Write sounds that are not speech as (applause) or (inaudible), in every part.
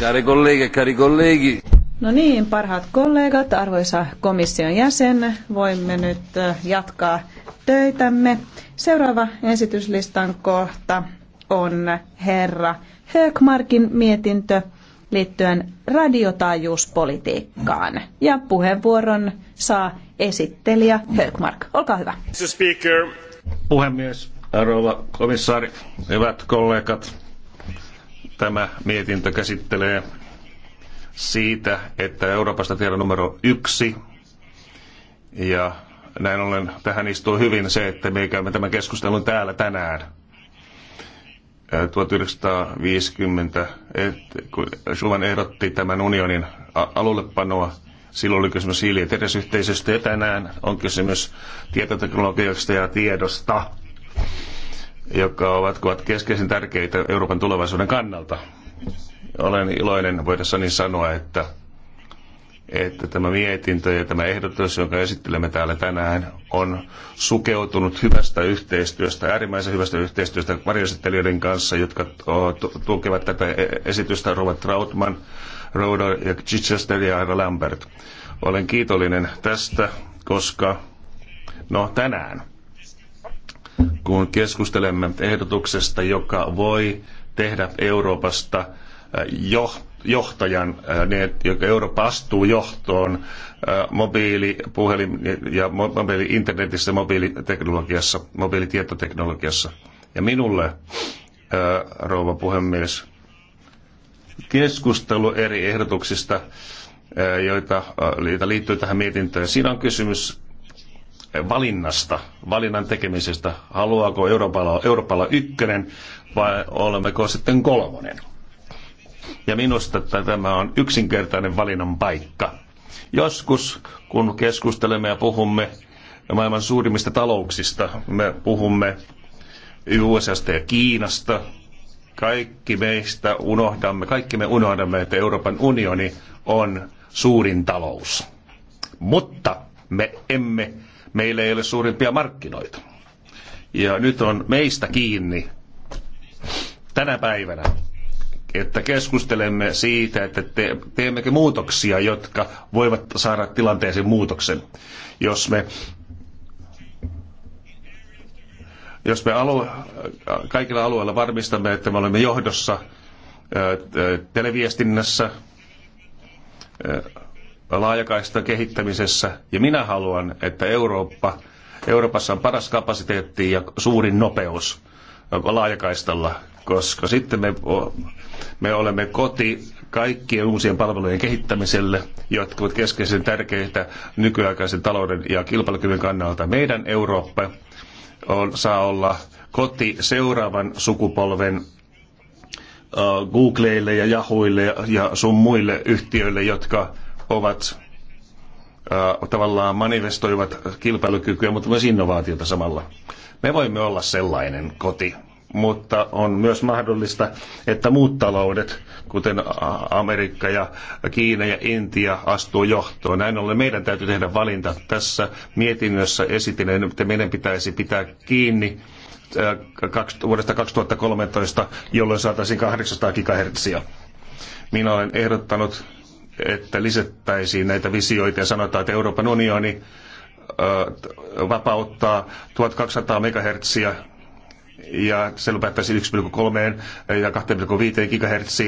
Care colleghe, e cari colleghi. No niin, parhaat kollegat, arvoisa komission jäsen, voimme nyt äh, jatkaa töitämme. Seuraava esityslistan kohta on herra Höökmarkin mietintö liittyen radiotaajuuspolitiikkaan. Ja puheenvuoron saa esittelijä Höökmark. Olkaa hyvä. Mr. Speaker. Puhemies, rouva komissaari, hyvät kollegat Tämä mietintö käsittelee siitä, että Euroopasta tiedon numero yksi. Ja näin ollen tähän istuu hyvin se, että me käymme tämän keskustelun täällä tänään. 1950, kun Schuman ehdotti tämän unionin alullepanoa, silloin oli kysymys hiili- ja terveysyhteisöstä, ja tänään on kysymys tietoteknologiasta ja tiedosta jotka ovat, ovat keskeisen tärkeitä Euroopan tulevaisuuden kannalta. Olen iloinen voidessani sanoa, että, että tämä mietintö ja tämä ehdotus, jonka esittelemme täällä tänään, on sukeutunut hyvästä yhteistyöstä, äärimmäisen hyvästä yhteistyöstä varjoesittelijöiden kanssa, jotka tukevat tätä e, esitystä Robert Trautman, Roder ja Chichester ja Aira Lambert. Olen kiitollinen tästä, koska no tänään kun keskustelemme ehdotuksesta, joka voi tehdä Euroopasta äh, jo, johtajan, äh, niin että Eurooppa astuu johtoon äh, mobiilipuhelin ja mobiili internetissä, mobiiliteknologiassa, mobiilitietoteknologiassa. Ja minulle, rouva puhemies, keskustelu eri ehdotuksista, joita, joita liittyy tähän mietintöön. Siinä on kysymys valinnasta, valinnan tekemisestä. Haluaako Euroopalla, Euroopalla ykkönen vai olemmeko sitten kolmonen? Ja minusta tämä on yksinkertainen valinnan paikka. Joskus, kun keskustelemme ja puhumme maailman suurimmista talouksista, me puhumme USAsta ja Kiinasta, kaikki meistä unohdamme, kaikki me unohdamme, että Euroopan unioni on suurin talous. Mutta me emme meillä ei ole suurimpia markkinoita. Ja nyt on meistä kiinni tänä päivänä, että keskustelemme siitä, että te, teemmekö muutoksia, jotka voivat saada tilanteeseen muutoksen. Jos me jos me alue, kaikilla alueilla varmistamme, että me olemme johdossa televiestinnässä, laajakaistan kehittämisessä. Ja minä haluan, että Eurooppa, Euroopassa on paras kapasiteetti ja suurin nopeus laajakaistalla, koska sitten me, me olemme koti kaikkien uusien palvelujen kehittämiselle, jotka ovat keskeisen tärkeitä nykyaikaisen talouden ja kilpailukyvyn kannalta. Meidän Eurooppa on, saa olla koti seuraavan sukupolven Googleille ja Yahooille ja sun muille yhtiöille, jotka ovat äh, tavallaan manifestoivat kilpailukykyä, mutta myös innovaatiota samalla. Me voimme olla sellainen koti, mutta on myös mahdollista, että muut taloudet, kuten Amerikka ja Kiina ja Intia, astuu johtoon. Näin ollen meidän täytyy tehdä valinta. Tässä mietinnössä esitin, että meidän pitäisi pitää kiinni vuodesta 2013, jolloin saataisiin 800 gigahertsiä. Minä olen ehdottanut että lisättäisiin näitä visioita ja sanotaan, että Euroopan unioni vapauttaa 1200 MHz ja se lopettaisiin 1,3 ja 2,5 GHz.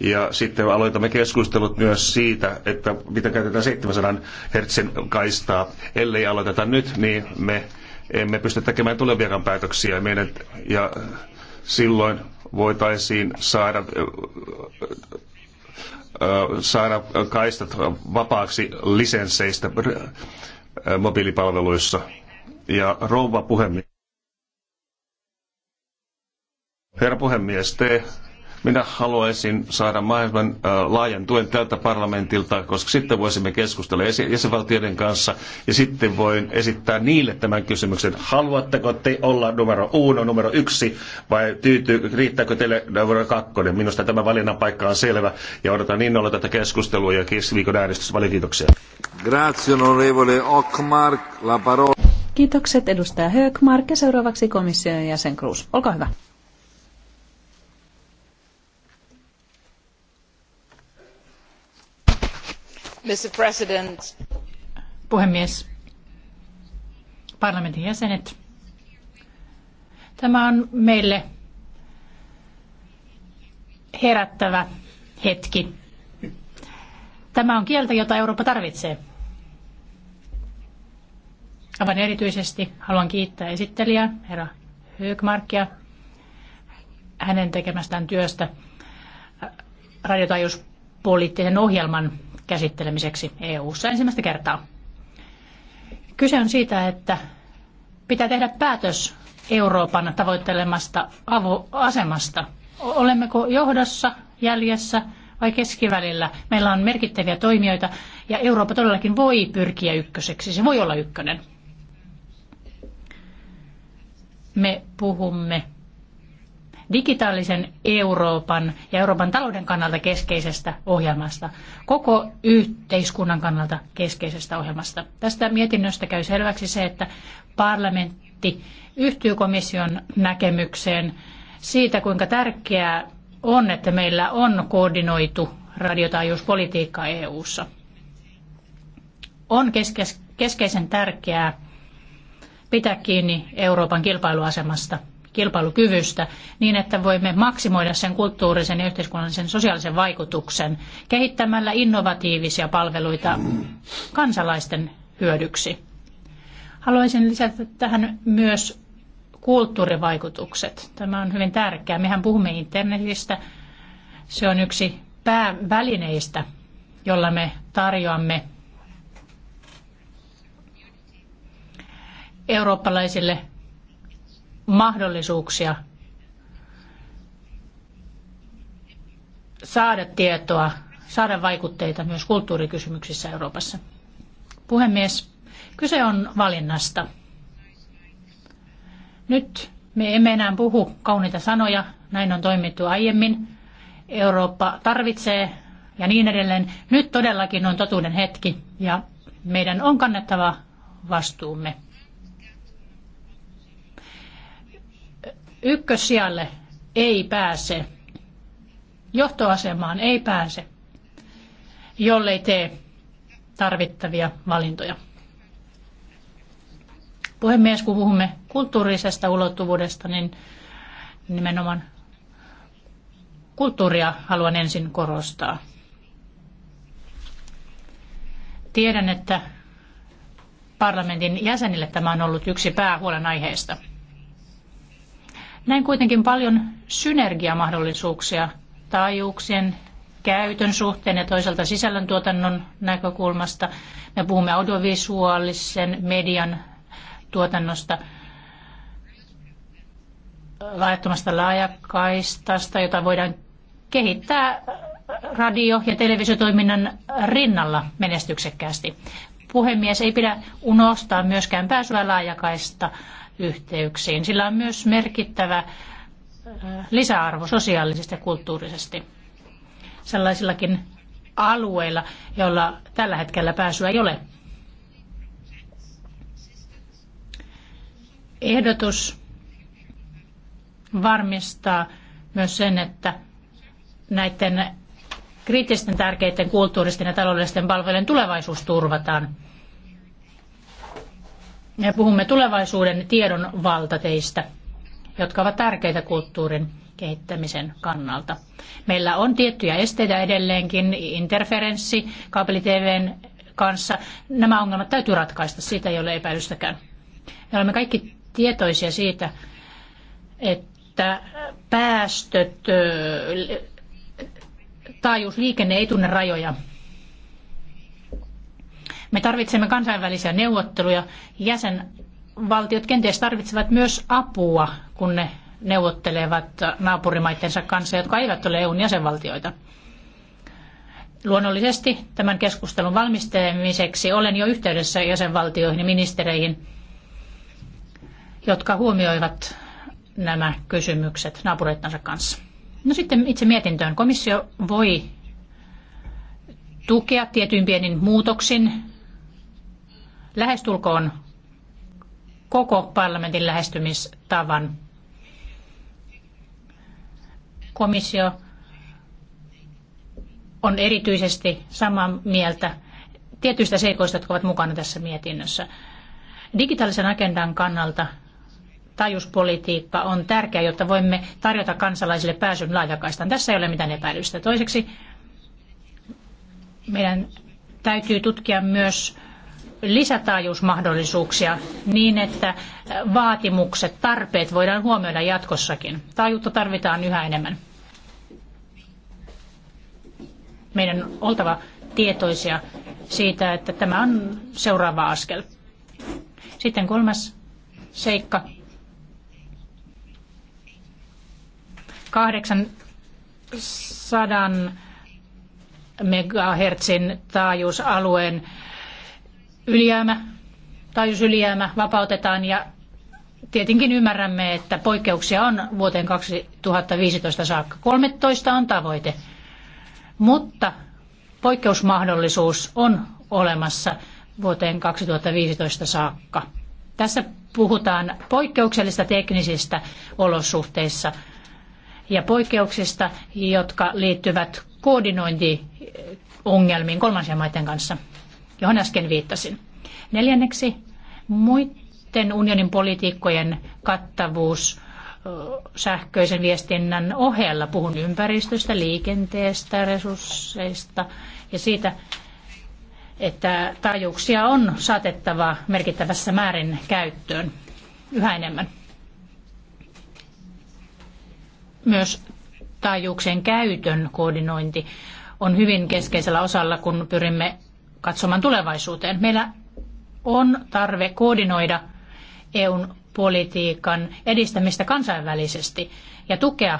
Ja sitten aloitamme keskustelut myös siitä, että miten käytetään 700 Hz kaistaa. Ellei aloiteta nyt, niin me emme pysty tekemään tuleviakaan päätöksiä. Meidän, ja silloin voitaisiin saada saada kaistat vapaaksi lisensseistä mobiilipalveluissa. Ja rouva puhemies, herra puhemies, te minä haluaisin saada maailman laajan tuen tältä parlamentilta, koska sitten voisimme keskustella jäsenvaltioiden kanssa ja sitten voin esittää niille tämän kysymyksen. Haluatteko te olla numero uno, numero yksi vai tyytyy, riittääkö teille numero kakkonen? Minusta tämä valinnan paikka on selvä ja odotan innolla tätä keskustelua ja keskiviikon äänestys. Paljon kiitoksia. Ockmark. La parola. Kiitokset edustaja Höökmark ja seuraavaksi komission jäsen Cruz. Olkaa hyvä. Mr. Puhemies, parlamentin jäsenet. Tämä on meille herättävä hetki. Tämä on kieltä, jota Eurooppa tarvitsee. Aivan erityisesti haluan kiittää esittelijää, herra Högmarkia, hänen tekemästään työstä radiotaajuuspoliittisen ohjelman käsittelemiseksi EU-ssa ensimmäistä kertaa. Kyse on siitä, että pitää tehdä päätös Euroopan tavoittelemasta asemasta. Olemmeko johdossa, jäljessä vai keskivälillä? Meillä on merkittäviä toimijoita ja Eurooppa todellakin voi pyrkiä ykköseksi. Se voi olla ykkönen. Me puhumme digitaalisen Euroopan ja Euroopan talouden kannalta keskeisestä ohjelmasta, koko yhteiskunnan kannalta keskeisestä ohjelmasta. Tästä mietinnöstä käy selväksi se, että parlamentti yhtyy komission näkemykseen siitä, kuinka tärkeää on, että meillä on koordinoitu radiotaajuuspolitiikka EU:ssa. On keskeisen tärkeää pitää kiinni Euroopan kilpailuasemasta – kilpailukyvystä niin, että voimme maksimoida sen kulttuurisen ja yhteiskunnallisen sosiaalisen vaikutuksen kehittämällä innovatiivisia palveluita kansalaisten hyödyksi. Haluaisin lisätä tähän myös kulttuurivaikutukset. Tämä on hyvin tärkeää. Mehän puhumme internetistä. Se on yksi päävälineistä, jolla me tarjoamme eurooppalaisille mahdollisuuksia saada tietoa, saada vaikutteita myös kulttuurikysymyksissä Euroopassa. Puhemies, kyse on valinnasta. Nyt me emme enää puhu kauniita sanoja, näin on toimittu aiemmin. Eurooppa tarvitsee ja niin edelleen. Nyt todellakin on totuuden hetki ja meidän on kannettava vastuumme. ykkössijalle ei pääse, johtoasemaan ei pääse, jollei tee tarvittavia valintoja. Puhemies, kun puhumme kulttuurisesta ulottuvuudesta, niin nimenomaan kulttuuria haluan ensin korostaa. Tiedän, että parlamentin jäsenille tämä on ollut yksi päähuolen aiheesta. Näin kuitenkin paljon synergiamahdollisuuksia taajuuksien käytön suhteen ja toisaalta sisällöntuotannon näkökulmasta. Me puhumme audiovisuaalisen median tuotannosta, laajattomasta laajakaistasta, jota voidaan kehittää radio- ja televisiotoiminnan rinnalla menestyksekkäästi. Puhemies ei pidä unohtaa myöskään pääsyä laajakaista yhteyksiin. Sillä on myös merkittävä lisäarvo sosiaalisesti ja kulttuurisesti sellaisillakin alueilla, joilla tällä hetkellä pääsyä ei ole. Ehdotus varmistaa myös sen, että näiden kriittisten tärkeiden kulttuuristen ja taloudellisten palvelujen tulevaisuus turvataan puhumme tulevaisuuden tiedon valtateistä, jotka ovat tärkeitä kulttuurin kehittämisen kannalta. Meillä on tiettyjä esteitä edelleenkin, interferenssi kaapelitvn kanssa. Nämä ongelmat täytyy ratkaista, siitä ei ole epäilystäkään. Me olemme kaikki tietoisia siitä, että päästöt, taajuusliikenne ei tunne rajoja. Me tarvitsemme kansainvälisiä neuvotteluja. Jäsenvaltiot kenties tarvitsevat myös apua, kun ne neuvottelevat naapurimaittensa kanssa, jotka eivät ole EUn jäsenvaltioita. Luonnollisesti tämän keskustelun valmistelemiseksi olen jo yhteydessä jäsenvaltioihin ja ministereihin, jotka huomioivat nämä kysymykset naapureittansa kanssa. No sitten itse mietintöön. Komissio voi tukea tietyin pienin muutoksin lähestulkoon koko parlamentin lähestymistavan. Komissio on erityisesti samaa mieltä tietyistä seikoista, jotka ovat mukana tässä mietinnössä. Digitaalisen agendan kannalta tajuspolitiikka on tärkeä, jotta voimme tarjota kansalaisille pääsyn laajakaistaan. Tässä ei ole mitään epäilystä. Toiseksi meidän täytyy tutkia myös lisätaajuusmahdollisuuksia niin, että vaatimukset, tarpeet voidaan huomioida jatkossakin. Taajuutta tarvitaan yhä enemmän. Meidän on oltava tietoisia siitä, että tämä on seuraava askel. Sitten kolmas seikka. Kahdeksan sadan megahertsin taajuusalueen ylijäämä tai jos ylijäämä vapautetaan ja tietenkin ymmärrämme, että poikkeuksia on vuoteen 2015 saakka. 13 on tavoite, mutta poikkeusmahdollisuus on olemassa vuoteen 2015 saakka. Tässä puhutaan poikkeuksellisista teknisistä olosuhteissa ja poikkeuksista, jotka liittyvät koordinointiongelmiin kolmansien maiden kanssa johon äsken viittasin. Neljänneksi muiden unionin politiikkojen kattavuus sähköisen viestinnän ohella. Puhun ympäristöstä, liikenteestä, resursseista ja siitä, että taajuuksia on saatettava merkittävässä määrin käyttöön yhä enemmän. Myös taajuuksien käytön koordinointi on hyvin keskeisellä osalla, kun pyrimme katsomaan tulevaisuuteen. Meillä on tarve koordinoida EUn politiikan edistämistä kansainvälisesti ja tukea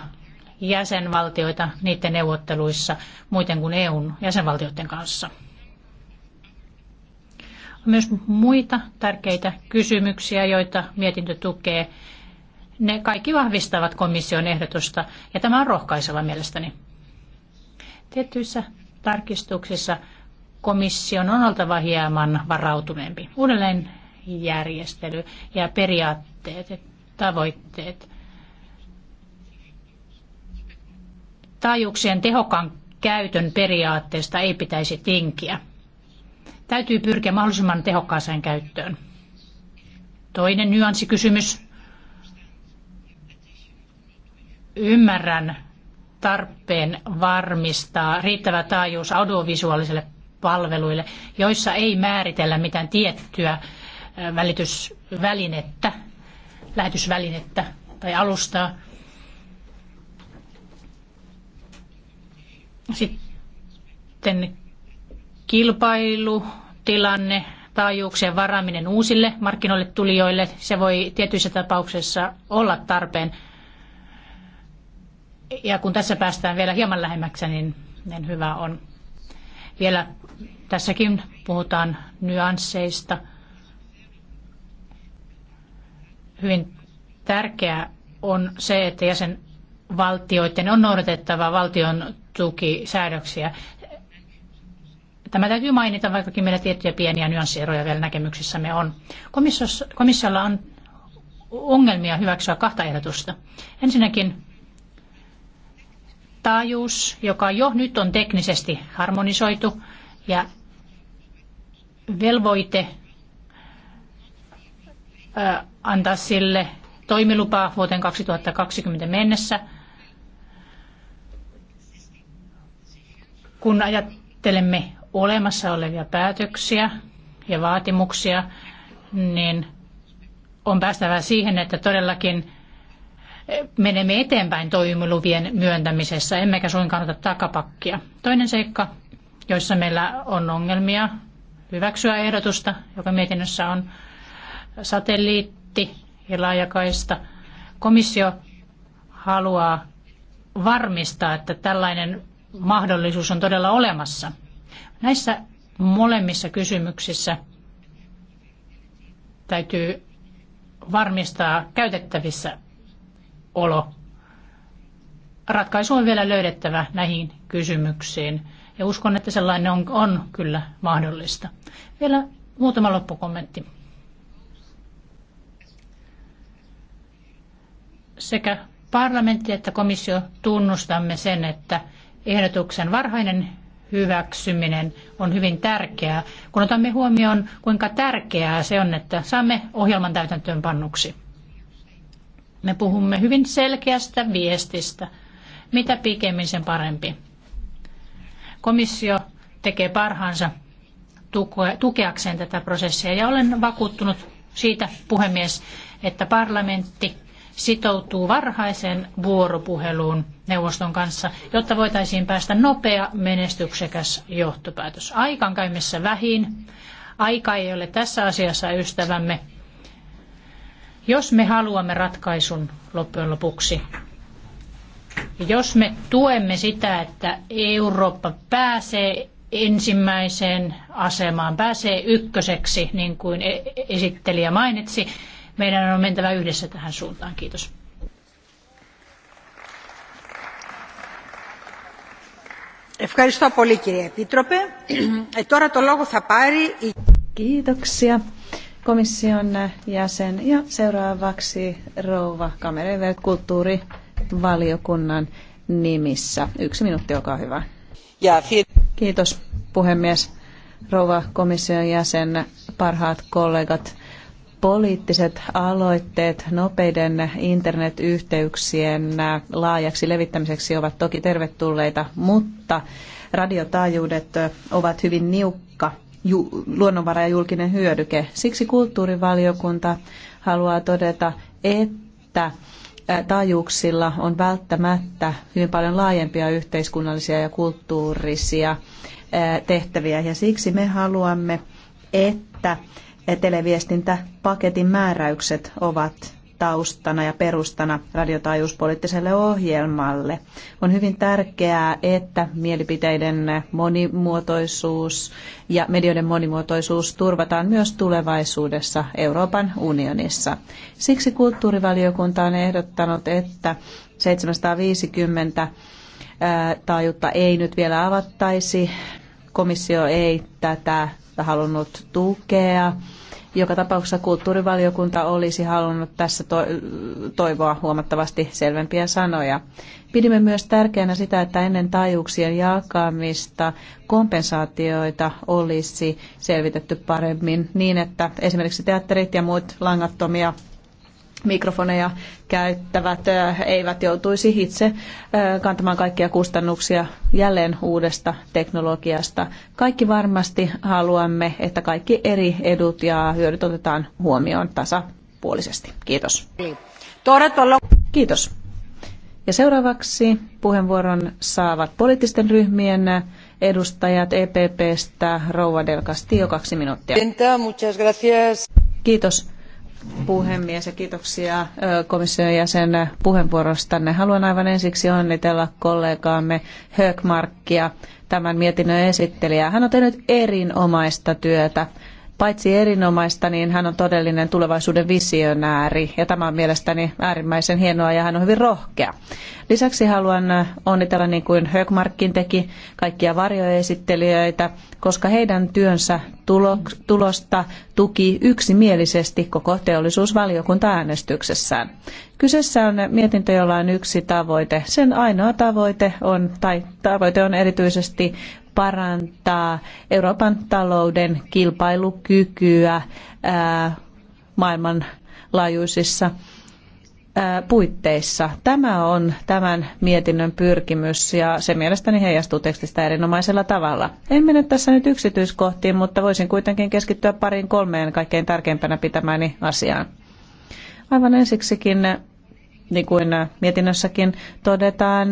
jäsenvaltioita niiden neuvotteluissa muuten kuin EUn jäsenvaltioiden kanssa. On myös muita tärkeitä kysymyksiä, joita mietintö tukee. Ne kaikki vahvistavat komission ehdotusta ja tämä on rohkaiseva mielestäni. Tietyissä tarkistuksissa komission on oltava hieman varautuneempi. Uudelleen järjestely ja periaatteet ja tavoitteet. Taajuuksien tehokkaan käytön periaatteesta ei pitäisi tinkiä. Täytyy pyrkiä mahdollisimman tehokkaaseen käyttöön. Toinen nyanssikysymys. Ymmärrän tarpeen varmistaa riittävä taajuus audiovisuaaliselle palveluille, joissa ei määritellä mitään tiettyä välitysvälinettä, lähetysvälinettä tai alustaa. Sitten kilpailutilanne, taajuuksien varaaminen uusille markkinoille tulijoille, se voi tietyissä tapauksissa olla tarpeen. Ja kun tässä päästään vielä hieman lähemmäksi, niin, niin hyvä on. Vielä tässäkin puhutaan nyansseista. Hyvin tärkeää on se, että jäsenvaltioiden on noudatettava valtion tukisäädöksiä. Tämä täytyy mainita, vaikkakin meillä tiettyjä pieniä nyanssieroja vielä näkemyksissämme on. komissiolla on ongelmia hyväksyä kahta ehdotusta. Ensinnäkin taajuus, joka jo nyt on teknisesti harmonisoitu ja velvoite antaa sille toimilupa vuoteen 2020 mennessä. Kun ajattelemme olemassa olevia päätöksiä ja vaatimuksia, niin on päästävä siihen, että todellakin menemme eteenpäin toimiluvien myöntämisessä, emmekä suinkaan ota takapakkia. Toinen seikka, joissa meillä on ongelmia hyväksyä ehdotusta, joka mietinnössä on satelliitti ja laajakaista. Komissio haluaa varmistaa, että tällainen mahdollisuus on todella olemassa. Näissä molemmissa kysymyksissä täytyy varmistaa käytettävissä olo. Ratkaisu on vielä löydettävä näihin kysymyksiin ja uskon, että sellainen on, on kyllä mahdollista. Vielä muutama loppukommentti. Sekä parlamentti että komissio tunnustamme sen, että ehdotuksen varhainen hyväksyminen on hyvin tärkeää, kun otamme huomioon, kuinka tärkeää se on, että saamme ohjelman täytäntöönpannuksi. Me puhumme hyvin selkeästä viestistä. Mitä pikemmin sen parempi. Komissio tekee parhaansa tukeakseen tätä prosessia ja olen vakuuttunut siitä, puhemies, että parlamentti sitoutuu varhaiseen vuoropuheluun neuvoston kanssa, jotta voitaisiin päästä nopea menestyksekäs johtopäätös. Aikankäymissä vähin. Aika ei ole tässä asiassa ystävämme. Jos me haluamme ratkaisun loppujen lopuksi, jos me tuemme sitä, että Eurooppa pääsee ensimmäiseen asemaan, pääsee ykköseksi, niin kuin e- esittelijä mainitsi, meidän on mentävä yhdessä tähän suuntaan. Kiitos. Ευχαριστώ πολύ κύριε Επίτροπε. Ε, τώρα το λόγο θα πάρει η... Κοίταξια komission jäsen ja seuraavaksi rouva Kamereve kulttuurivaliokunnan nimissä. Yksi minuutti, olkaa hyvä. Kiitos puhemies. Rouva komission jäsen, parhaat kollegat, poliittiset aloitteet nopeiden internetyhteyksien laajaksi levittämiseksi ovat toki tervetulleita, mutta radiotaajuudet ovat hyvin niukka ju, luonnonvara ja julkinen hyödyke. Siksi kulttuurivaliokunta haluaa todeta, että taajuuksilla on välttämättä hyvin paljon laajempia yhteiskunnallisia ja kulttuurisia tehtäviä. Ja siksi me haluamme, että televiestintäpaketin määräykset ovat taustana ja perustana radiotaajuuspoliittiselle ohjelmalle. On hyvin tärkeää, että mielipiteiden monimuotoisuus ja medioiden monimuotoisuus turvataan myös tulevaisuudessa Euroopan unionissa. Siksi kulttuurivaliokunta on ehdottanut, että 750 taajuutta ei nyt vielä avattaisi. Komissio ei tätä halunnut tukea. Joka tapauksessa kulttuurivaliokunta olisi halunnut tässä toivoa huomattavasti selvempiä sanoja. Pidimme myös tärkeänä sitä, että ennen taajuuksien jakamista kompensaatioita olisi selvitetty paremmin niin, että esimerkiksi teatterit ja muut langattomia mikrofoneja käyttävät eivät joutuisi itse kantamaan kaikkia kustannuksia jälleen uudesta teknologiasta. Kaikki varmasti haluamme, että kaikki eri edut ja hyödyt otetaan huomioon tasapuolisesti. Kiitos. Kiitos. Ja seuraavaksi puheenvuoron saavat poliittisten ryhmien edustajat EPPstä Rouva Del Castillo, kaksi minuuttia. Kiitos puhemies ja kiitoksia komission jäsen puheenvuorostanne. Haluan aivan ensiksi onnitella kollegaamme Högmarkia, tämän mietinnön esittelijää. Hän on tehnyt erinomaista työtä paitsi erinomaista, niin hän on todellinen tulevaisuuden visionääri ja tämä on mielestäni äärimmäisen hienoa ja hän on hyvin rohkea. Lisäksi haluan äh, onnitella niin kuin Högmarkkin teki kaikkia varjoesittelijöitä, koska heidän työnsä tulosta tuki yksimielisesti koko teollisuusvaliokunta äänestyksessään. Kyseessä on mietintö, jolla on yksi tavoite. Sen ainoa tavoite on, tai tavoite on erityisesti parantaa Euroopan talouden kilpailukykyä maailmanlaajuisissa puitteissa. Tämä on tämän mietinnön pyrkimys ja se mielestäni heijastuu tekstistä erinomaisella tavalla. En mene tässä nyt yksityiskohtiin, mutta voisin kuitenkin keskittyä pariin kolmeen kaikkein tärkeimpänä pitämäni asiaan. Aivan ensiksikin, niin kuin mietinnössäkin todetaan,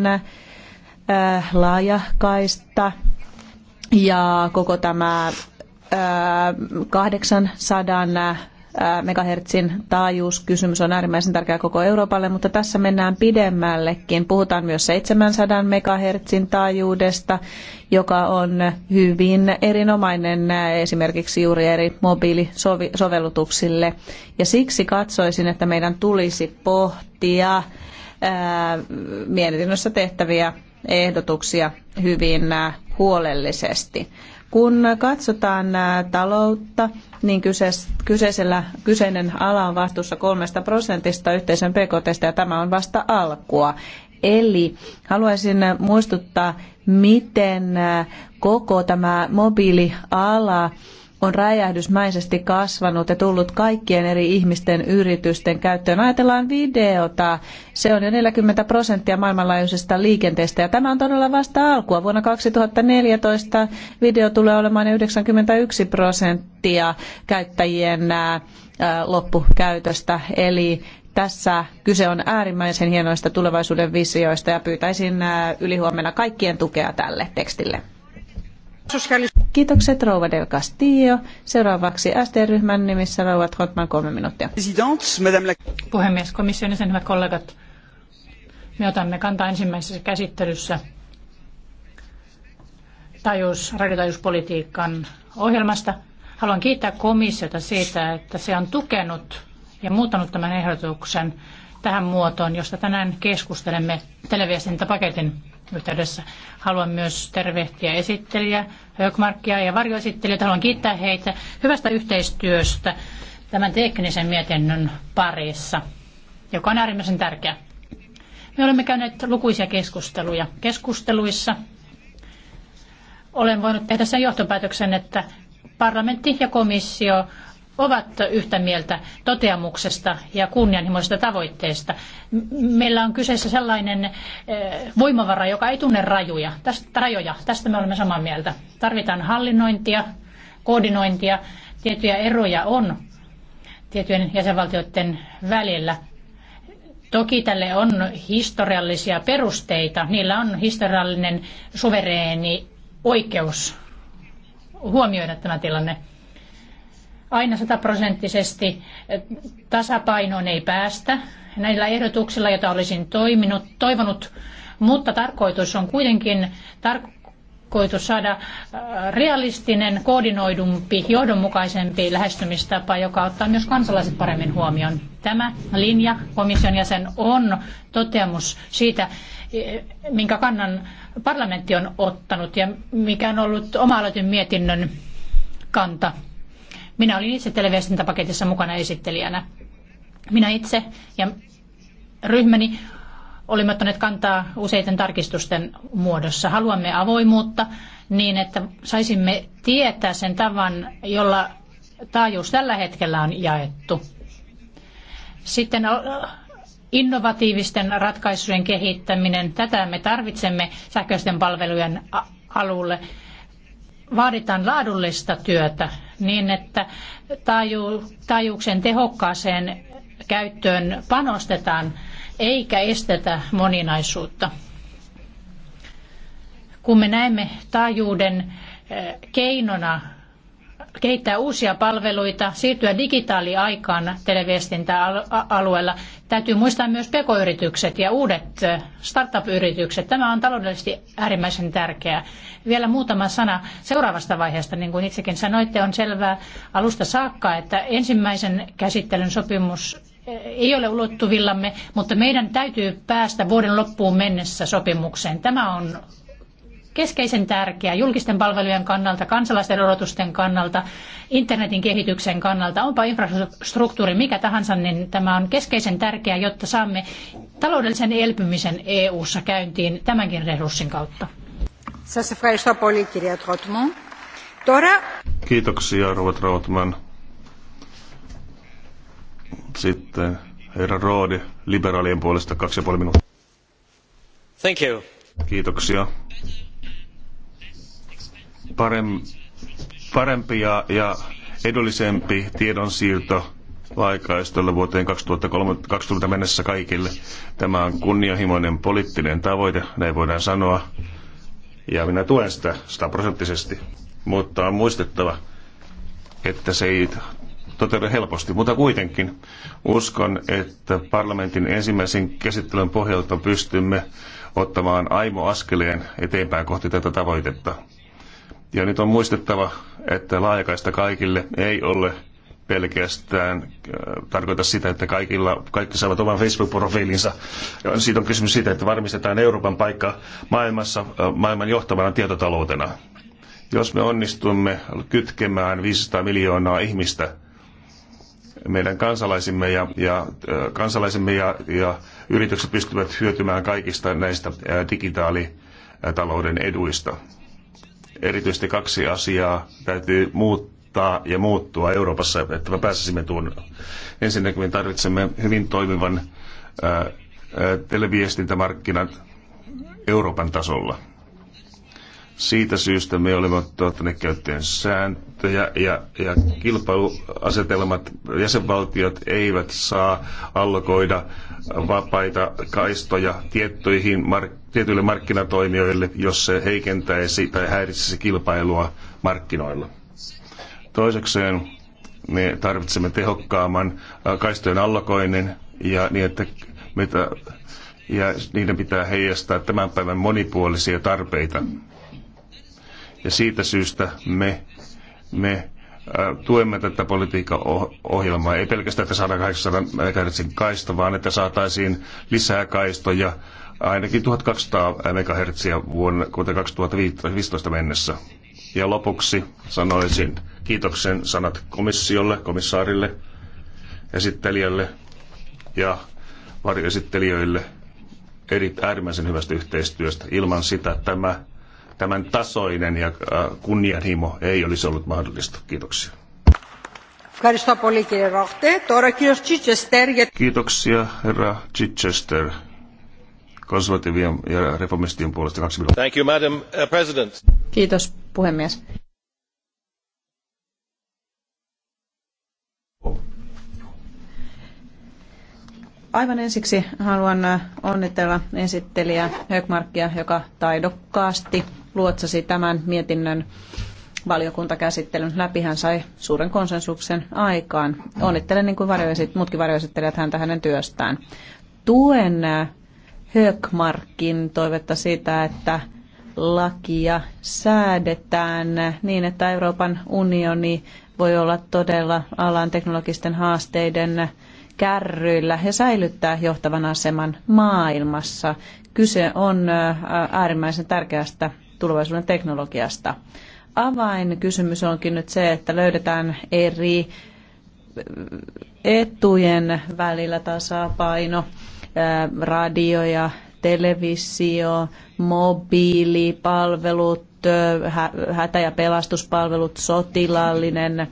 laajakaista ja koko tämä 800 äh, äh, megahertsin taajuuskysymys on äärimmäisen tärkeä koko Euroopalle, mutta tässä mennään pidemmällekin. Puhutaan myös 700 megahertsin taajuudesta, joka on hyvin erinomainen äh, esimerkiksi juuri eri mobiilisovellutuksille. Ja siksi katsoisin, että meidän tulisi pohtia ää, mietinnössä tehtäviä ehdotuksia hyvin äh, huolellisesti. Kun katsotaan äh, taloutta, niin kyseisellä, kyseinen ala on vastuussa kolmesta prosentista yhteisen PKT, ja tämä on vasta alkua. Eli haluaisin muistuttaa, miten äh, koko tämä mobiiliala on räjähdysmäisesti kasvanut ja tullut kaikkien eri ihmisten yritysten käyttöön. Ajatellaan videota. Se on jo 40 prosenttia maailmanlaajuisesta liikenteestä ja tämä on todella vasta alkua. Vuonna 2014 video tulee olemaan 91 prosenttia käyttäjien loppukäytöstä. Eli tässä kyse on äärimmäisen hienoista tulevaisuuden visioista ja pyytäisin ylihuomenna kaikkien tukea tälle tekstille. Kiitokset Rouva Del Castillo. Seuraavaksi ST-ryhmän nimissä Rouva Hotman kolme minuuttia. Puhemies, komission jäsen, hyvät kollegat. Me otamme kantaa ensimmäisessä käsittelyssä tajus, radiotajuuspolitiikan ohjelmasta. Haluan kiittää komissiota siitä, että se on tukenut ja muuttanut tämän ehdotuksen tähän muotoon, josta tänään keskustelemme televiestintäpaketin yhteydessä. Haluan myös tervehtiä esittelijä Högmarkia ja varjoesittelijöitä. Haluan kiittää heitä hyvästä yhteistyöstä tämän teknisen mietinnön parissa, joka on äärimmäisen tärkeä. Me olemme käyneet lukuisia keskusteluja. Keskusteluissa olen voinut tehdä sen johtopäätöksen, että parlamentti ja komissio ovat yhtä mieltä toteamuksesta ja kunnianhimoisesta tavoitteesta. Meillä on kyseessä sellainen eh, voimavara, joka ei tunne rajoja. Tästä, rajoja. Tästä me olemme samaa mieltä. Tarvitaan hallinnointia, koordinointia. Tiettyjä eroja on tiettyjen jäsenvaltioiden välillä. Toki tälle on historiallisia perusteita. Niillä on historiallinen suvereeni oikeus huomioida tämä tilanne aina sataprosenttisesti eh, tasapainoon ei päästä näillä ehdotuksilla, joita olisin toiminut, toivonut, mutta tarkoitus on kuitenkin tarkoitus saada eh, realistinen, koordinoidumpi, johdonmukaisempi lähestymistapa, joka ottaa myös kansalaiset paremmin huomioon. Tämä linja komission jäsen on toteamus siitä, eh, minkä kannan parlamentti on ottanut ja mikä on ollut oma mietinnön kanta minä olin itse televiestintäpaketissa mukana esittelijänä. Minä itse ja ryhmäni olimme ottaneet kantaa useiden tarkistusten muodossa. Haluamme avoimuutta niin, että saisimme tietää sen tavan, jolla taajuus tällä hetkellä on jaettu. Sitten äh, innovatiivisten ratkaisujen kehittäminen, tätä me tarvitsemme sähköisten palvelujen alulle. Vaaditaan laadullista työtä niin, että taju, tajuuksen tehokkaaseen käyttöön panostetaan eikä estetä moninaisuutta. Kun me näemme taajuuden eh, keinona kehittää uusia palveluita, siirtyä digitaaliaikaan televiestintäalueella. Täytyy muistaa myös pk-yritykset ja uudet eh, startup-yritykset. Tämä on taloudellisesti äärimmäisen tärkeää. Vielä muutama sana seuraavasta vaiheesta. Niin kuin itsekin sanoitte, on selvää alusta saakka, että ensimmäisen käsittelyn sopimus eh, ei ole ulottuvillamme, mutta meidän täytyy päästä vuoden loppuun mennessä sopimukseen. Tämä on keskeisen tärkeää julkisten palvelujen kannalta, kansalaisten odotusten kannalta, internetin kehityksen kannalta, onpa infrastruktuuri mikä tahansa, niin tämä on keskeisen tärkeää, jotta saamme taloudellisen elpymisen EU-ssa käyntiin tämänkin resurssin kautta. Kiitoksia, Robert Rothman. Sitten herra Roodi liberaalien puolesta kaksi ja puoli minuuttia. Thank you. Kiitoksia parempi ja, ja edullisempi tiedonsiirto laikaistolle vuoteen 2030 mennessä kaikille. Tämä on kunnianhimoinen poliittinen tavoite, näin voidaan sanoa, ja minä tuen sitä sataprosenttisesti. Mutta on muistettava, että se ei toteudu helposti, mutta kuitenkin uskon, että parlamentin ensimmäisen käsittelyn pohjalta pystymme ottamaan aimo askeleen eteenpäin kohti tätä tavoitetta. Ja nyt on muistettava, että laajakaista kaikille ei ole pelkästään äh, tarkoita sitä, että kaikilla, kaikki saavat oman Facebook-profiilinsa. Siitä on kysymys siitä, että varmistetaan Euroopan paikka maailmassa äh, maailman johtavana tietotaloutena. Jos me onnistumme kytkemään 500 miljoonaa ihmistä meidän kansalaisimme ja, ja äh, kansalaisimme ja, ja yritykset pystyvät hyötymään kaikista näistä digitaalitalouden eduista Erityisesti kaksi asiaa täytyy muuttaa ja muuttua Euroopassa, että me pääsisimme tuon. Ensinnäkin me tarvitsemme hyvin toimivan televiestintämarkkinat Euroopan tasolla. Siitä syystä me olemme ottaneet käyttöön sääntöjä ja, ja kilpailuasetelmat. Jäsenvaltiot eivät saa allokoida vapaita kaistoja tiettyihin mark- tietyille markkinatoimijoille, jos se heikentäisi tai häiritsisi kilpailua markkinoilla. Toisekseen me tarvitsemme tehokkaamman kaistojen allokoinnin ja niin, että mitä, ja niiden pitää heijastaa tämän päivän monipuolisia tarpeita. Ja siitä syystä me, me tuemme tätä politiikkaohjelmaa. Oh-, Ei pelkästään, että saadaan 800 MHz kaista, vaan että saataisiin lisää kaistoja ainakin 1200 MHz vuonna 2015 mennessä. Ja lopuksi sanoisin kiitoksen sanat komissiolle, komissaarille, esittelijälle ja varjoesittelijöille eri äärimmäisen hyvästä yhteistyöstä. Ilman sitä tämä tämän tasoinen ja äh, kunnianhimo ei olisi ollut mahdollista. Kiitoksia. Kiitoksia, herra Chichester. Konservatiivien ja reformistien puolesta kaksi minuuttia. Thank you, Madam uh, President. Kiitos, puhemies. Aivan ensiksi haluan äh, onnitella esittelijä Högmarkia, joka taidokkaasti luotsasi tämän mietinnön valiokuntakäsittelyn läpi. Hän sai suuren konsensuksen aikaan. Onnittelen niin kuin varjoisit, muutkin varjoesittelijät häntä hänen työstään. Tuen äh, hökmarkin toivetta siitä, että lakia säädetään niin, että Euroopan unioni voi olla todella alan teknologisten haasteiden kärryillä ja säilyttää johtavan aseman maailmassa. Kyse on äh, äärimmäisen tärkeästä tulevaisuuden teknologiasta. Avainkysymys onkin nyt se, että löydetään eri etujen välillä tasapaino, radio ja televisio, mobiilipalvelut, hätä- ja pelastuspalvelut, sotilaallinen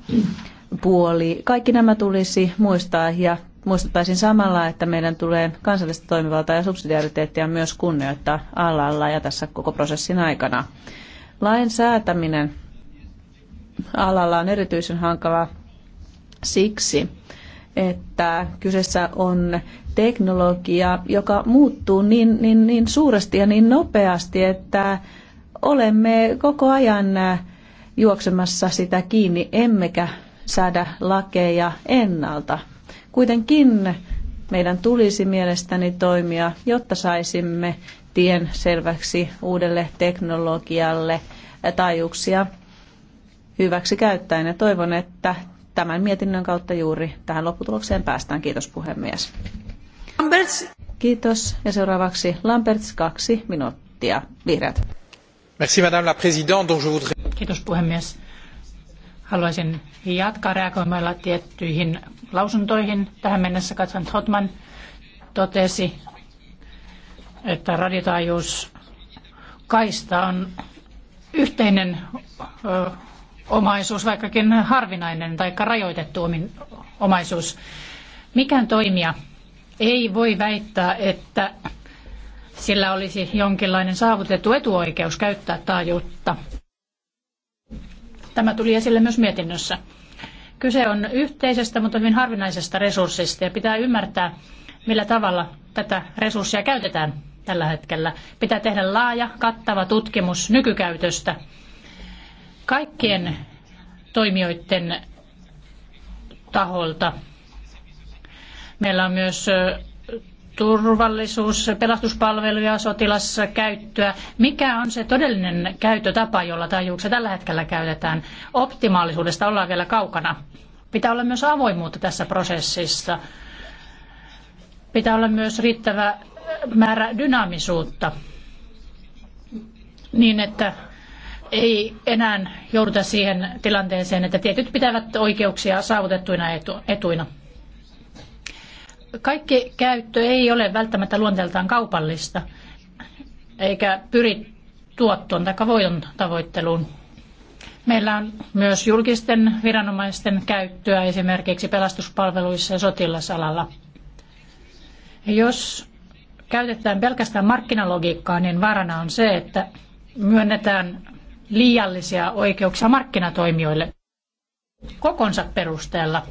puoli. Kaikki nämä tulisi muistaa ja Muistuttaisin samalla, että meidän tulee kansallista toimivaltaa ja subsidiariteettia myös kunnioittaa alalla ja tässä koko prosessin aikana. Lain säätäminen alalla on erityisen hankalaa siksi, että kyseessä on teknologia, joka muuttuu niin, niin, niin suuresti ja niin nopeasti, että olemme koko ajan juoksemassa sitä kiinni, emmekä säädä lakeja ennalta. Kuitenkin meidän tulisi mielestäni toimia, jotta saisimme tien selväksi uudelle teknologialle taajuuksia hyväksi käyttäen. Ja toivon, että tämän mietinnön kautta juuri tähän lopputulokseen päästään. Kiitos puhemies. Lamberts. Kiitos. Ja seuraavaksi Lamberts, kaksi minuuttia. Vihreät. Merci, madame la présidente. Kiitos puhemies. Haluaisin jatkaa reagoimalla tiettyihin lausuntoihin. Tähän mennessä Katsan Hotman totesi, että radiotaajuus kaista on yhteinen ö, omaisuus, vaikkakin harvinainen tai rajoitettu omin, omaisuus. Mikään toimija ei voi väittää, että sillä olisi jonkinlainen saavutettu etuoikeus käyttää taajuutta. Tämä tuli esille myös mietinnössä. Kyse on yhteisestä, mutta hyvin harvinaisesta resurssista ja pitää ymmärtää, millä tavalla tätä resurssia käytetään tällä hetkellä. Pitää tehdä laaja, kattava tutkimus nykykäytöstä kaikkien toimijoiden taholta. Meillä on myös turvallisuus, pelastuspalveluja, sotilaskäyttöä. Mikä on se todellinen käyttötapa, jolla taajuuksia tällä hetkellä käytetään? Optimaalisuudesta ollaan vielä kaukana. Pitää olla myös avoimuutta tässä prosessissa. Pitää olla myös riittävä määrä dynaamisuutta niin, että ei enää jouduta siihen tilanteeseen, että tietyt pitävät oikeuksia saavutettuina etuina kaikki käyttö ei ole välttämättä luonteeltaan kaupallista, eikä pyri tuottoon tai voiton tavoitteluun. Meillä on myös julkisten viranomaisten käyttöä esimerkiksi pelastuspalveluissa ja sotilasalalla. Jos käytetään pelkästään markkinalogiikkaa, niin vaarana on se, että myönnetään liiallisia oikeuksia markkinatoimijoille kokonsa perusteella.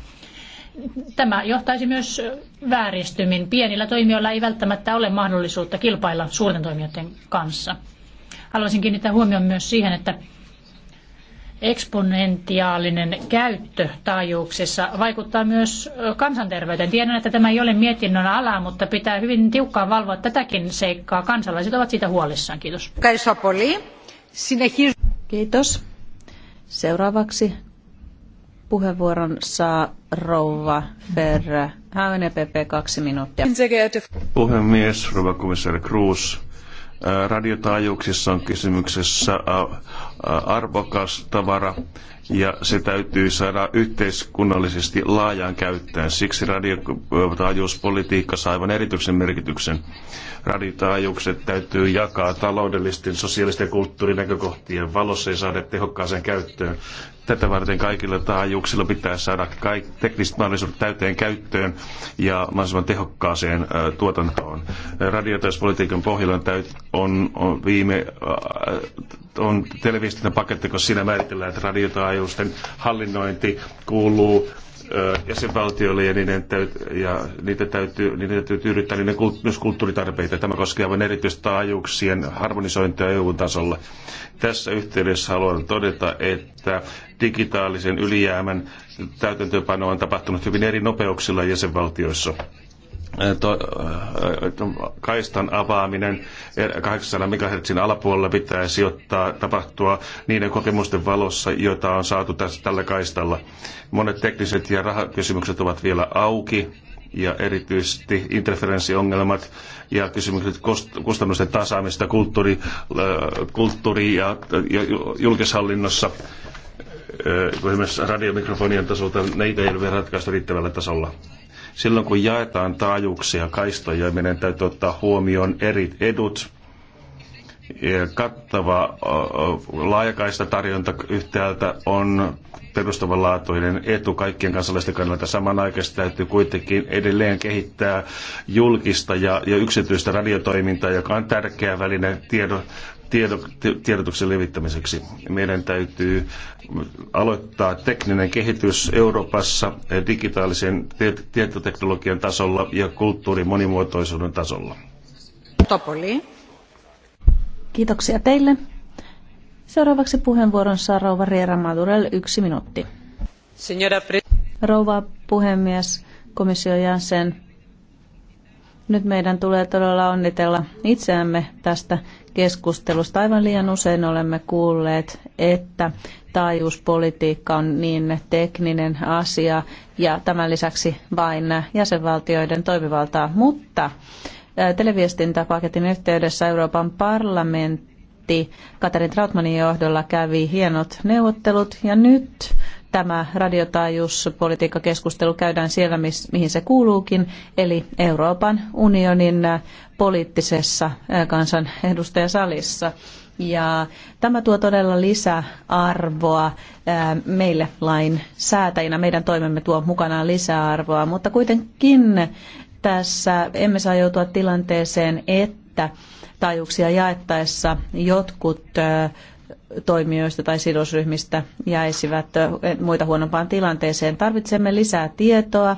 Tämä johtaisi myös vääristymin. Pienillä toimijoilla ei välttämättä ole mahdollisuutta kilpailla suurten toimijoiden kanssa. Haluaisin kiinnittää huomioon myös siihen, että eksponentiaalinen käyttö taajuuksissa vaikuttaa myös kansanterveyteen. Tiedän, että tämä ei ole mietinnön ala, mutta pitää hyvin tiukkaan valvoa tätäkin seikkaa. Kansalaiset ovat siitä huolissaan. Kiitos. Kiitos. Seuraavaksi Puheenvuoron saa rouva Ferre. Hän EPP kaksi minuuttia. Puhemies, rouva komissaari Cruz. Radiotaajuuksissa on kysymyksessä arvokas tavara ja se täytyy saada yhteiskunnallisesti laajaan käyttöön. Siksi radiotaajuuspolitiikka saa aivan erityisen merkityksen. Radiotaajuukset täytyy jakaa taloudellisten, sosiaalisten ja kulttuurinäkökohtien valossa ja saada tehokkaaseen käyttöön. Tätä varten kaikilla taajuuksilla pitää saada kaikki tekniset mahdollisuudet täyteen käyttöön ja mahdollisimman tehokkaaseen tuotantoon. Radiotaispolitiikan pohjalla on, on viime on televisiota paketti, kun siinä määritellään, että radiotaajuusten hallinnointi kuuluu jäsenvaltioille ja, niiden ja niitä täytyy, niiden täytyy yrittää niiden kult- myös kulttuuritarpeita. Tämä koskee aivan erityisesti taajuuksien harmonisointia EU-tasolla. Tässä yhteydessä haluan todeta, että digitaalisen ylijäämän täytäntöönpano on tapahtunut hyvin eri nopeuksilla jäsenvaltioissa to, kaistan avaaminen 800 MHz alapuolella pitää sijoittaa tapahtua niiden kokemusten valossa, joita on saatu tässä, tällä kaistalla. Monet tekniset ja rahakysymykset ovat vielä auki ja erityisesti interferenssiongelmat ja kysymykset kustannusten tasaamista kulttuuri, kulttuuri ja, ja julkishallinnossa esimerkiksi radiomikrofonien tasolta, ne ei ole vielä ratkaista riittävällä tasolla. Silloin kun jaetaan taajuuksia kaistoja, meidän täytyy ottaa huomioon eri edut, kattava laajakaista tarjonta yhtäältä on perustavanlaatuinen etu kaikkien kansalaisten kannalta. Samanaikaisesti täytyy kuitenkin edelleen kehittää julkista ja, ja yksityistä radiotoimintaa, joka on tärkeä väline tiedon tiedo, tiedotuksen levittämiseksi. Meidän täytyy aloittaa tekninen kehitys Euroopassa digitaalisen tietoteknologian tasolla ja kulttuurin monimuotoisuuden tasolla. Topoli. Kiitoksia teille. Seuraavaksi puheenvuoron saa rouva Riera Madurel, yksi minuutti. rouva puhemies, komission jäsen, nyt meidän tulee todella onnitella itseämme tästä keskustelusta. Aivan liian usein olemme kuulleet, että taajuuspolitiikka on niin tekninen asia ja tämän lisäksi vain jäsenvaltioiden toimivaltaa. Mutta äh, televiestintäpaketin yhteydessä Euroopan parlamentti Katarin Trautmanin johdolla kävi hienot neuvottelut ja nyt tämä radiotaajuuspolitiikkakeskustelu käydään siellä, mihin se kuuluukin, eli Euroopan unionin poliittisessa kansanedustajasalissa. Ja tämä tuo todella lisäarvoa meille lain säätäjinä. Meidän toimemme tuo mukanaan lisäarvoa, mutta kuitenkin tässä emme saa joutua tilanteeseen, että taajuuksia jaettaessa jotkut toimijoista tai sidosryhmistä jäisivät muita huonompaan tilanteeseen. Tarvitsemme lisää tietoa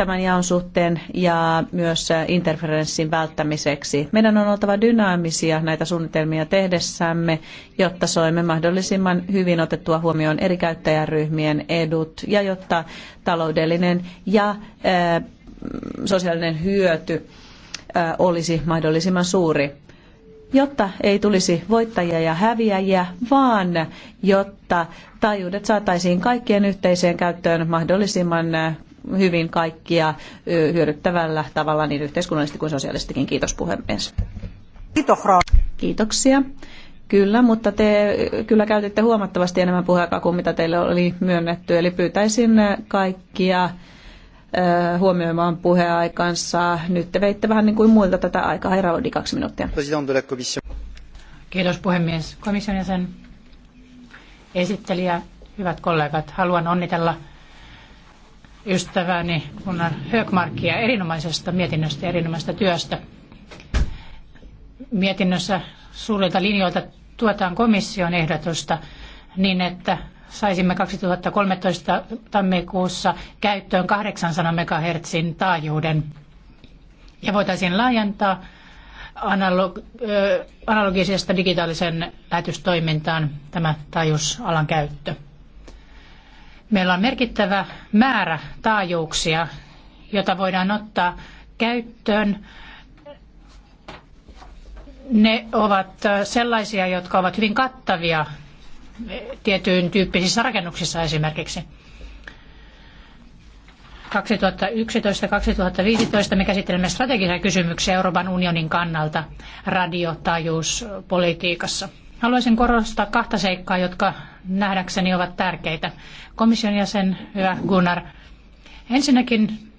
tämän jaon suhteen ja myös interferenssin välttämiseksi. Meidän on oltava dynaamisia näitä suunnitelmia tehdessämme, jotta soimme mahdollisimman hyvin otettua huomioon eri käyttäjäryhmien edut ja jotta taloudellinen ja eh, sosiaalinen hyöty eh, olisi mahdollisimman suuri jotta ei tulisi voittajia ja häviäjiä, vaan jotta taajuudet saataisiin kaikkien yhteiseen käyttöön mahdollisimman eh, hyvin kaikkia hyödyttävällä tavalla niin yhteiskunnallisesti kuin sosiaalistikin. Kiitos puhemies. Kiitoksia. Kyllä, mutta te kyllä käytitte huomattavasti enemmän puheaikaa kuin mitä teille oli myönnetty. Eli pyytäisin kaikkia huomioimaan puheaikansa. Nyt te veitte vähän niin kuin muilta tätä aikaa. Herra Odi, kaksi minuuttia. Kiitos puhemies. Komission jäsen, esittelijä, hyvät kollegat, haluan onnitella ystäväni Gunnar Högmarkia erinomaisesta mietinnöstä ja erinomaisesta työstä. Mietinnössä suurilta linjoilta tuetaan komission ehdotusta niin, että saisimme 2013 tammikuussa käyttöön 800 MHz taajuuden ja voitaisiin laajentaa analog- analogisesta digitaalisen lähetystoimintaan tämä taajuusalan käyttö. Meillä on merkittävä määrä taajuuksia, jota voidaan ottaa käyttöön. Ne ovat sellaisia, jotka ovat hyvin kattavia tietyn tyyppisissä rakennuksissa esimerkiksi. 2011-2015 me käsittelemme strategisia kysymyksiä Euroopan unionin kannalta radiotaajuuspolitiikassa. Haluaisin korostaa kahta seikkaa, jotka nähdäkseni ovat tärkeitä. Komission jäsen, hyvä Gunnar. Ensinnäkin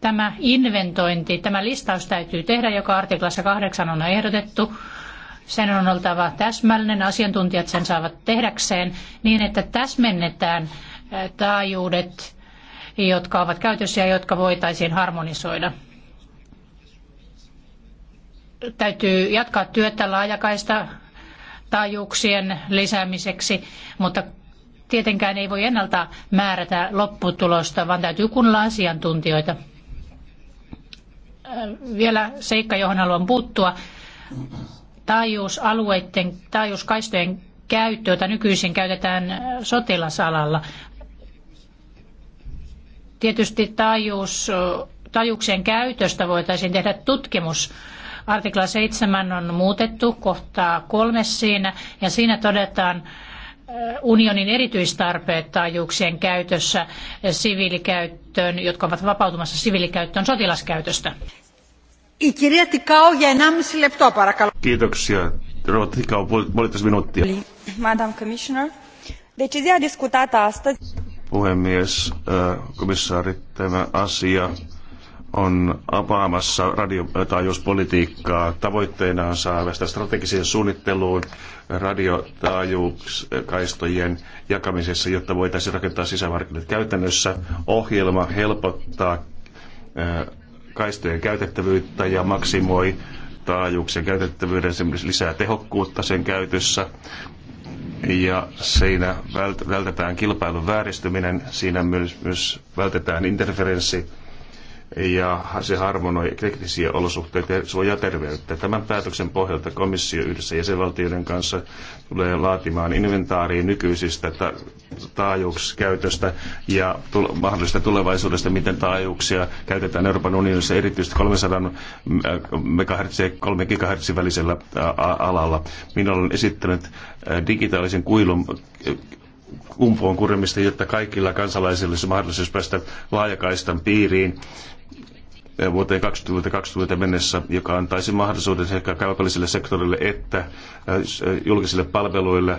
tämä inventointi, tämä listaus täytyy tehdä, joka artiklassa kahdeksan on ehdotettu. Sen on oltava täsmällinen, asiantuntijat sen saavat tehdäkseen niin, että täsmennetään taajuudet, jotka ovat käytössä ja jotka voitaisiin harmonisoida täytyy jatkaa työtä laajakaista taajuuksien lisäämiseksi, mutta tietenkään ei voi ennalta määrätä lopputulosta, vaan täytyy kuunnella asiantuntijoita. Äh, vielä seikka, johon haluan puuttua. Taajuusalueiden, taajuuskaistojen käyttö, jota nykyisin käytetään sotilasalalla. Tietysti taajuus, taajuuksien käytöstä voitaisiin tehdä tutkimus Artikla 7 on muutettu kohtaa kolme siinä ja siinä todetaan unionin erityistarpeet taajuuksien käytössä siviilikäyttöön, jotka ovat vapautumassa siviilikäyttöön sotilaskäytöstä. Kiitoksia. rotikau, Tikau, puolitoista minuuttia. Madam Commissioner, decizia diskutată astăzi. Puhemies, komissaari, tämä asia on avaamassa radiotaajuuspolitiikkaa tavoitteenaan saavasta strategiseen suunnitteluun radiotaajuuskaistojen jakamisessa, jotta voitaisiin rakentaa sisämarkkinat käytännössä. Ohjelma helpottaa kaistojen käytettävyyttä ja maksimoi taajuuksien käytettävyyden, se lisää tehokkuutta sen käytössä ja siinä vältetään kilpailun vääristyminen, siinä myös, myös vältetään interferenssi ja se harmonoi teknisiä olosuhteita ja suojaa terveyttä. Tämän päätöksen pohjalta komissio yhdessä jäsenvaltioiden kanssa tulee laatimaan inventaariin nykyisistä ta- taajuuskäytöstä ja tul- mahdollisesta tulevaisuudesta, miten taajuuksia käytetään Euroopan unionissa erityisesti 300 MHz ja 3 GHz välisellä äh, alalla. Minä olen esittänyt äh, digitaalisen kuilun äh, umpoon kuremista, jotta kaikilla kansalaisilla olisi mahdollisuus päästä laajakaistan piiriin Eh, vuoteen 2020 mennessä, joka antaisi mahdollisuuden sekä kaupalliselle sektorille että eh, julkisille palveluille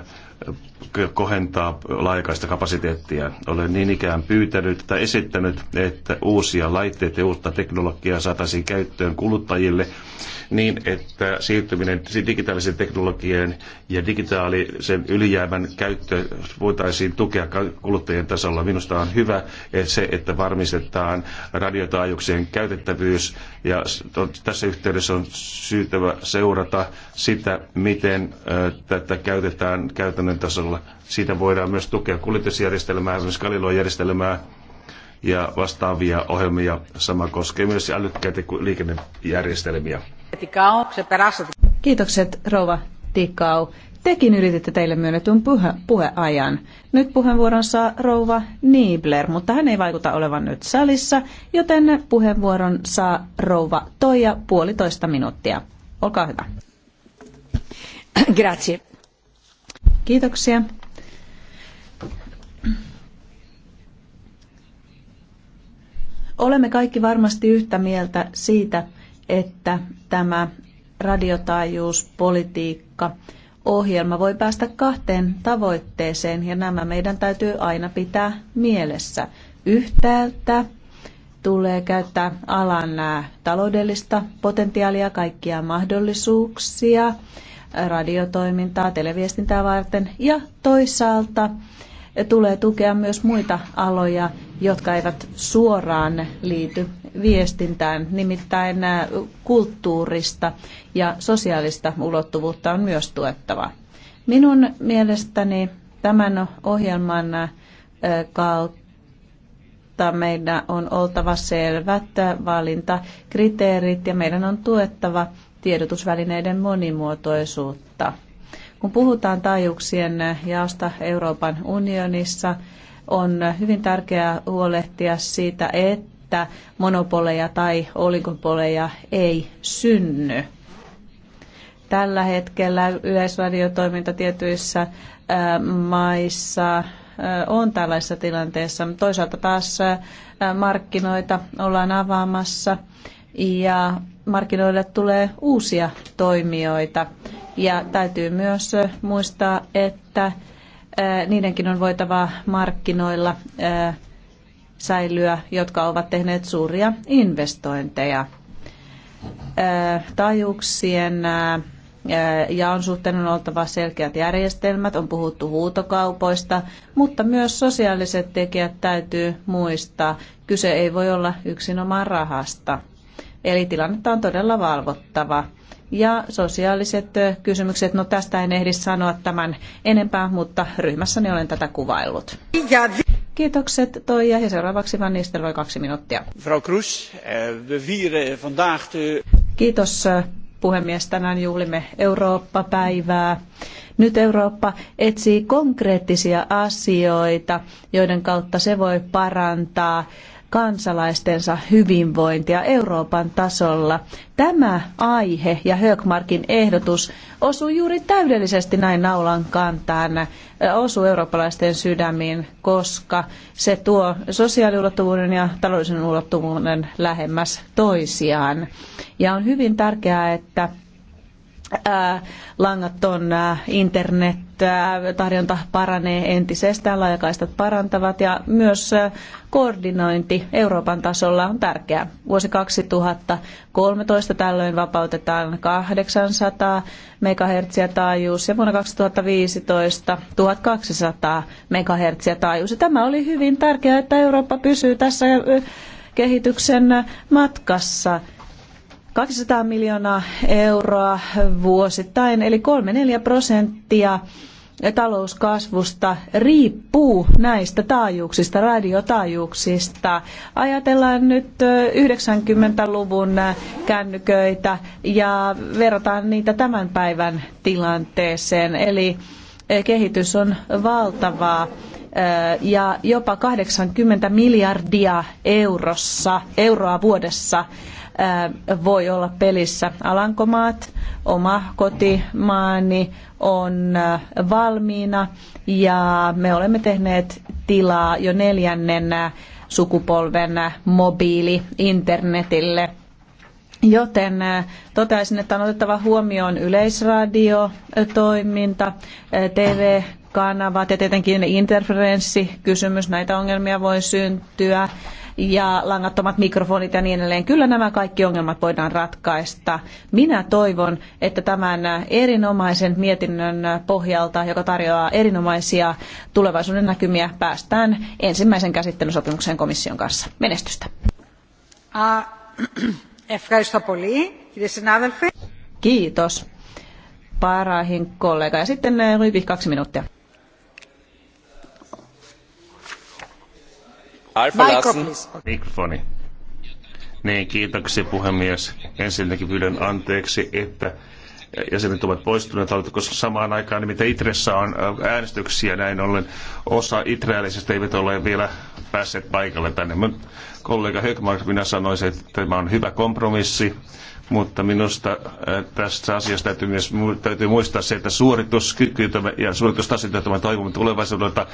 kohentaa laajakaista kapasiteettia. Olen niin ikään pyytänyt tai esittänyt, että uusia laitteita ja uutta teknologiaa saataisiin käyttöön kuluttajille niin, että siirtyminen digitaalisen teknologian ja digitaalisen ylijäämän käyttö voitaisiin tukea kuluttajien tasolla. Minusta on hyvä että se, että varmistetaan radiotaajuuksien käytettävyys ja tässä yhteydessä on syytävä seurata sitä, miten tätä käytetään käytännön tasolla. Siitä voidaan myös tukea kuljetusjärjestelmää, esimerkiksi Galileo-järjestelmää ja vastaavia ohjelmia. Sama koskee myös älykkäitä liikennejärjestelmiä. Kiitokset rouva Tikau, tekin ylititte teille myönnetyn puhe- puheajan. Nyt puheenvuoron saa rouva Niebler, mutta hän ei vaikuta olevan nyt salissa, joten puheenvuoron saa rouva Toija puolitoista minuuttia. Olkaa hyvä. Grazie. Kiitoksia. Olemme kaikki varmasti yhtä mieltä siitä, että tämä politiikka, ohjelma voi päästä kahteen tavoitteeseen ja nämä meidän täytyy aina pitää mielessä. Yhtäältä tulee käyttää alan taloudellista potentiaalia, kaikkia mahdollisuuksia, radiotoimintaa, televiestintää varten ja toisaalta tulee tukea myös muita aloja, jotka eivät suoraan liity viestintään, nimittäin kulttuurista ja sosiaalista ulottuvuutta on myös tuettava. Minun mielestäni tämän ohjelman kautta meidän on oltava selvät valintakriteerit ja meidän on tuettava tiedotusvälineiden monimuotoisuutta. Kun puhutaan taajuuksien jaosta Euroopan unionissa, on hyvin tärkeää huolehtia siitä, että monopoleja tai oligopoleja ei synny tällä hetkellä yleisradiotoiminta tietyissä maissa on tällaisessa tilanteessa. Toisaalta taas markkinoita ollaan avaamassa ja markkinoille tulee uusia toimijoita. Ja täytyy myös muistaa, että niidenkin on voitava markkinoilla säilyä, jotka ovat tehneet suuria investointeja. Taajuuksien jaon suhteen on oltava selkeät järjestelmät, on puhuttu huutokaupoista, mutta myös sosiaaliset tekijät täytyy muistaa. Kyse ei voi olla yksinomaan rahasta. Eli tilannetta on todella valvottava. Ja sosiaaliset kysymykset, no tästä en ehdi sanoa tämän enempää, mutta ryhmässäni olen tätä kuvaillut. Kiitokset Toija ja seuraavaksi Van Nistelrooy kaksi minuuttia. Frau Cruz, we vieren vandaag de... Kiitos puhemies, tänään juhlimme Eurooppa-päivää. Nyt Eurooppa etsii konkreettisia asioita, joiden kautta se voi parantaa kansalaistensa hyvinvointia Euroopan tasolla. Tämä aihe ja Högmarkin ehdotus osuu juuri täydellisesti näin naulan kantaan, osuu eurooppalaisten sydämiin, koska se tuo sosiaaliulottuvuuden ja taloudellisen ulottuvuuden lähemmäs toisiaan. Ja on hyvin tärkeää, että langaton internet, tarjonta paranee entisestään, laajakaistat parantavat ja myös koordinointi Euroopan tasolla on tärkeää. Vuosi 2013 tällöin vapautetaan 800 MHz taajuus ja vuonna 2015 1200 MHz taajuus. Ja tämä oli hyvin tärkeää, että Eurooppa pysyy tässä kehityksen matkassa. 200 miljoonaa euroa vuosittain, eli 3-4 prosenttia talouskasvusta riippuu näistä taajuuksista, radiotaajuuksista. Ajatellaan nyt 90-luvun kännyköitä ja verrataan niitä tämän päivän tilanteeseen. Eli eh, kehitys on valtavaa eh, ja jopa 80 miljardia eurossa, euroa vuodessa voi olla pelissä. Alankomaat, oma kotimaani on valmiina ja me olemme tehneet tilaa jo neljännen sukupolven mobiili-internetille. Joten toteaisin, että on otettava huomioon yleisradiotoiminta, TV, kanavat ja tietenkin interferenssikysymys, näitä ongelmia voi syntyä ja langattomat mikrofonit ja niin edelleen. Kyllä nämä kaikki ongelmat voidaan ratkaista. Minä toivon, että tämän erinomaisen mietinnön pohjalta, joka tarjoaa erinomaisia tulevaisuuden näkymiä, päästään ensimmäisen käsittelysopimukseen komission kanssa. Menestystä. Ah, (clears throat) Kiitos. Parahin kollega. Ja sitten eh, Ryypi kaksi minuuttia. Mikrofoni. Niin, kiitoksia puhemies. Ensinnäkin pyydän anteeksi, että jäsenet ovat poistuneet hallitus, koska samaan aikaan niin mitä Itressä on äh, äänestyksiä, näin ollen osa itreälisistä eivät ole vielä päässeet paikalle tänne. kollega Högmark, minä sanoisin, että tämä on hyvä kompromissi mutta minusta äh, tässä asiassa täytyy myös täytyy muistaa se, että suorituskyky ja suoritustasit jota me toivomme tulevaisuudelta,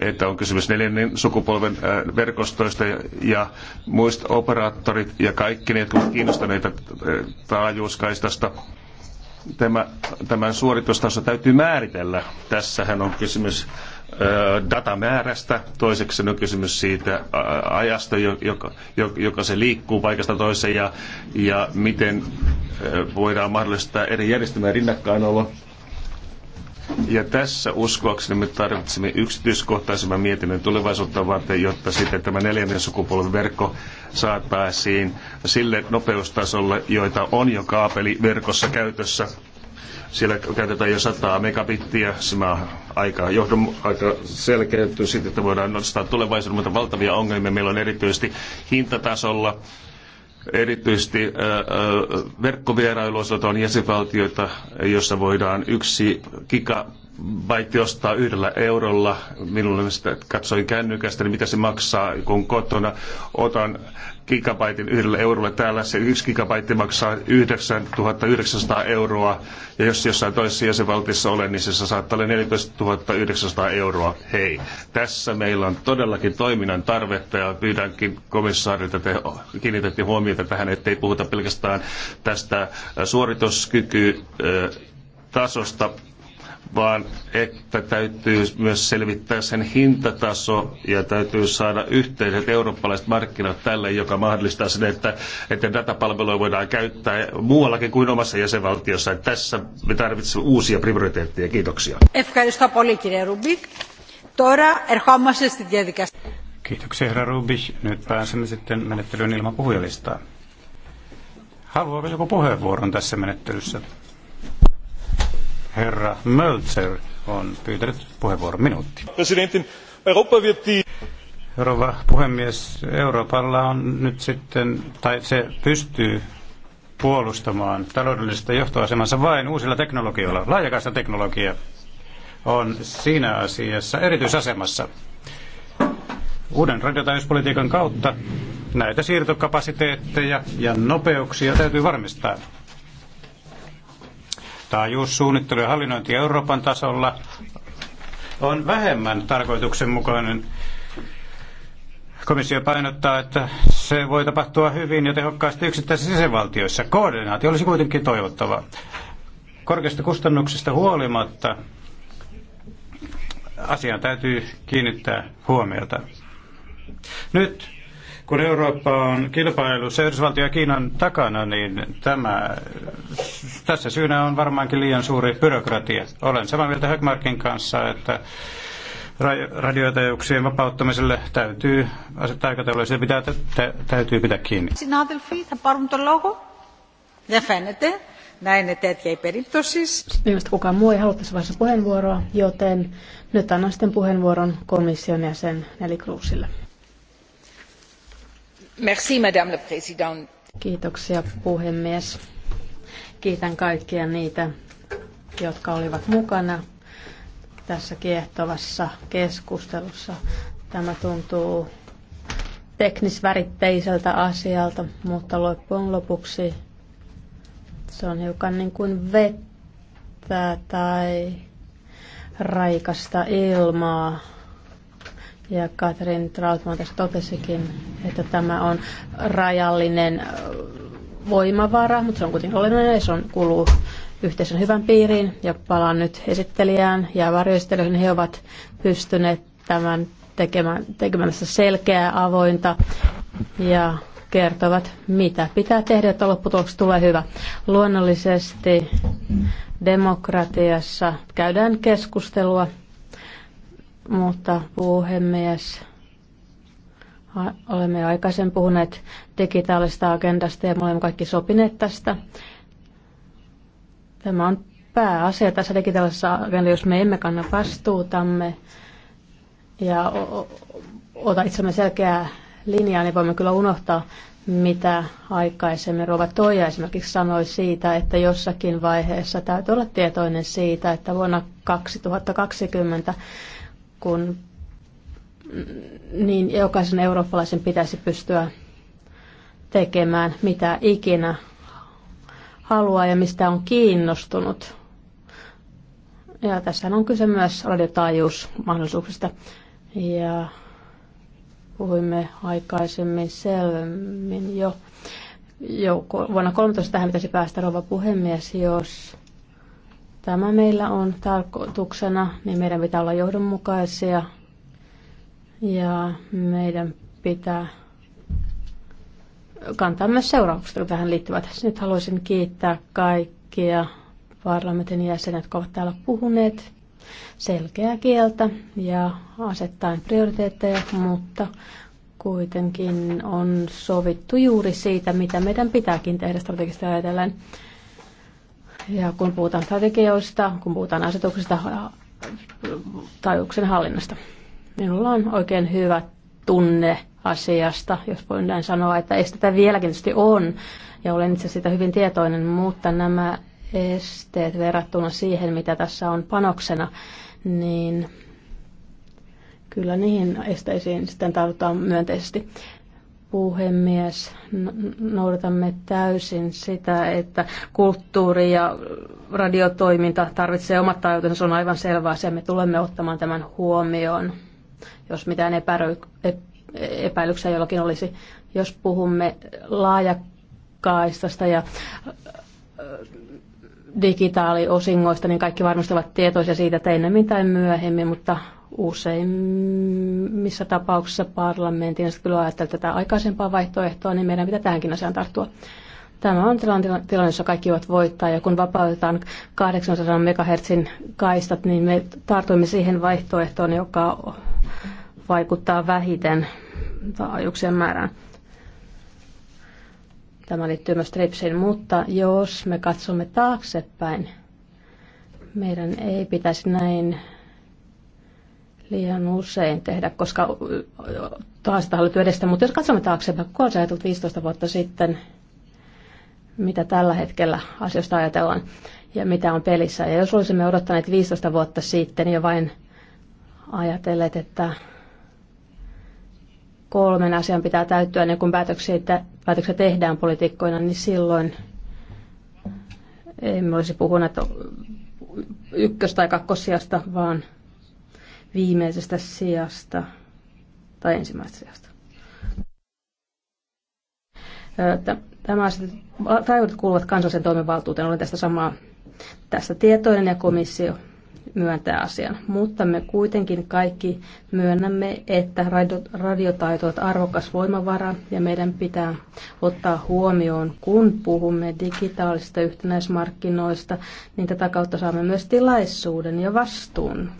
että on kysymys neljännen sukupolven äh, verkostoista ja muista operaattorit ja kaikki ne, jotka ovat kiinnostuneita äh, taajuuskaistasta, tämä, tämän suoritustaso täytyy määritellä. Tässähän on kysymys datamäärästä, toiseksi on kysymys siitä ajasta, joka, joka se liikkuu paikasta toiseen ja, ja miten voidaan mahdollistaa eri järjestelmien rinnakkainolo. Ja tässä uskoakseni me tarvitsemme yksityiskohtaisemman mietinnön tulevaisuutta varten, jotta sitten tämä neljännen sukupolven verkko saataisiin sille nopeustasolle, joita on jo kaapeliverkossa käytössä siellä käytetään jo 100 megabittiä, siinä aika, johdon, aika selkeytyy sitten, että voidaan nostaa tulevaisuuden, mutta valtavia ongelmia meillä on erityisesti hintatasolla erityisesti verkkovierailuosalta on jäsenvaltioita, jossa voidaan yksi gigabitti, vaiti ostaa yhdellä eurolla. Minulle sitä katsoin kännykästä, niin mitä se maksaa, kun kotona otan gigabaitin yhdellä eurolla. Täällä se yksi gigabaitti maksaa 9900 euroa, ja jos jossain toisessa jäsenvaltiossa olen, niin se saattaa olla 14900 euroa. Hei, tässä meillä on todellakin toiminnan tarvetta, ja pyydänkin komissaarilta, te kiinnitätte huomiota tähän, ettei puhuta pelkästään tästä suorituskyky tasosta, vaan että täytyy myös selvittää sen hintataso ja täytyy saada yhteiset eurooppalaiset markkinat tälle, joka mahdollistaa sen, että, että datapalveluja voidaan käyttää muuallakin kuin omassa jäsenvaltiossa. Tässä me tarvitsemme uusia prioriteetteja. Kiitoksia. Kiitoksia, herra Rubik. Nyt pääsemme sitten menettelyyn ilman puhujalistaa. Haluaako joku puheenvuoron tässä menettelyssä? Herra Mölzer on pyytänyt puheenvuoron minuutti. Presidentin, Eurooppa, wird die... puhemies, Euroopalla on nyt sitten, tai se pystyy puolustamaan taloudellista johtoasemansa vain uusilla teknologioilla. Laajakaista teknologia on siinä asiassa erityisasemassa. Uuden radiotaajuuspolitiikan kautta näitä siirtokapasiteetteja ja nopeuksia täytyy varmistaa. Taajuussuunnittelu ja hallinnointi Euroopan tasolla on vähemmän tarkoituksenmukainen. Komissio painottaa, että se voi tapahtua hyvin ja tehokkaasti yksittäisissä sisävaltioissa. Koordinaatio olisi kuitenkin toivottava. Korkeista kustannuksista huolimatta asiaan täytyy kiinnittää huomiota. Nyt kun Eurooppa on kilpailussa Yhdysvaltio ja Kiinan takana, niin tämä, tässä syynä on varmaankin liian suuri byrokratia. Olen samaa mieltä Högmarkin kanssa, että radioitajuuksien vapauttamiselle täytyy asettaa aikataulu, ja pitää, täytyy pitää kiinni. Συνάδελφοι, θα πάρουν το λόγο. kukaan muu ei halua tässä vaiheessa puheenvuoroa, joten nyt annan sitten puheenvuoron komission jäsen sen Kruusille arvoisa Madame puhemies. Kiitän kaikkia niitä, jotka olivat mukana tässä kiehtovassa keskustelussa. Tämä tuntuu teknisväritteiseltä asialta, mutta loppujen lopuksi se on hiukan niin kuin vettä tai raikasta ilmaa. Ja Katrin Trautman tässä totesikin, että tämä on rajallinen voimavara, mutta se on kuitenkin olennainen ja se on, kuuluu yhteisön hyvän piiriin. Ja palaan nyt esittelijään ja varjoistelijoihin. He ovat pystyneet tämän tekemään, tässä selkeää, avointa ja kertovat, mitä pitää tehdä, että lopputuloksi tulee hyvä. Luonnollisesti demokratiassa käydään keskustelua mutta puhemies, olemme aikaisemmin puhuneet digitaalisesta agendasta ja me olemme kaikki sopineet tästä. Tämä on pääasia tässä digitaalisessa agendassa, jos me emme kanna vastuutamme ja ota itsemme selkeää linjaa, niin voimme kyllä unohtaa, mitä aikaisemmin Rova Toija esimerkiksi sanoi siitä, että jossakin vaiheessa täytyy olla tietoinen siitä, että vuonna 2020 kun niin jokaisen eurooppalaisen pitäisi pystyä tekemään mitä ikinä haluaa ja mistä on kiinnostunut. Ja tässä on kyse myös radiotaajuusmahdollisuuksista. Ja puhuimme aikaisemmin selvemmin jo. jo vuonna 13 tähän pitäisi päästä, rouva puhemies, jos tämä meillä on tarkoituksena, niin meidän pitää olla johdonmukaisia ja meidän pitää kantaa myös seuraukset, jotka tähän liittyvät. Nyt haluaisin kiittää kaikkia parlamentin jäsenet, jotka ovat täällä puhuneet selkeää kieltä ja asettaen prioriteetteja, mutta kuitenkin on sovittu juuri siitä, mitä meidän pitääkin tehdä strategisesti ajatellen. Ja kun puhutaan strategioista, kun puhutaan asetuksista äh, taajuuksien hallinnasta, minulla on oikein hyvä tunne asiasta, jos voin näin sanoa, että esteitä vieläkin tietysti on, ja olen itse siitä hyvin tietoinen, mutta nämä esteet verrattuna siihen, mitä tässä on panoksena, niin kyllä niihin esteisiin sitten tartutaan myönteisesti puhemies, noudatamme täysin sitä, että kulttuuri ja radiotoiminta tarvitsee omat tajutensa, se on aivan selvää, että Me tulemme ottamaan tämän huomioon, jos mitään epäröi, epäilyksiä jollakin olisi. Jos puhumme laajakaistasta ja äh, digitaaliosingoista, niin kaikki varmasti ovat tietoisia siitä, että ennemmin tai myöhemmin, mutta Useimmissa tapauksissa parlamentin, jos kyllä ajattelee tätä aikaisempaa vaihtoehtoa, niin meidän pitää tähänkin asiaan tarttua. Tämä on tilanne, jossa kaikki voivat voittaa, ja kun vapautetaan 800 MHz kaistat, niin me tartuimme siihen vaihtoehtoon, joka vaikuttaa vähiten taajuuksien määrään. Tämä liittyy myös TRIPSiin, mutta jos me katsomme taaksepäin, meidän ei pitäisi näin liian usein tehdä, koska taas hallittu edestä. Mutta jos katsomme taakse, kun ajateltu 15 vuotta sitten, mitä tällä hetkellä asioista ajatellaan ja mitä on pelissä. Ja jos olisimme odottaneet 15 vuotta sitten ja vain ajatelleet, että kolmen asian pitää täyttyä ennen niin kuin päätöksiä, päätöksiä tehdään poliitikkoina, niin silloin emme olisi puhuneet ykkös- tai kakkosijasta, vaan – viimeisestä sijasta tai ensimmäisestä sijasta. Tämä asiat, kuuluvat kansallisen toimivaltuuteen, olen tästä samaa tästä tietoinen ja komissio myöntää asian. Mutta me kuitenkin kaikki myönnämme, että radio, radiotaito on arvokas voimavara ja meidän pitää ottaa huomioon, kun puhumme digitaalisista yhtenäismarkkinoista, niin tätä kautta saamme myös tilaisuuden ja vastuun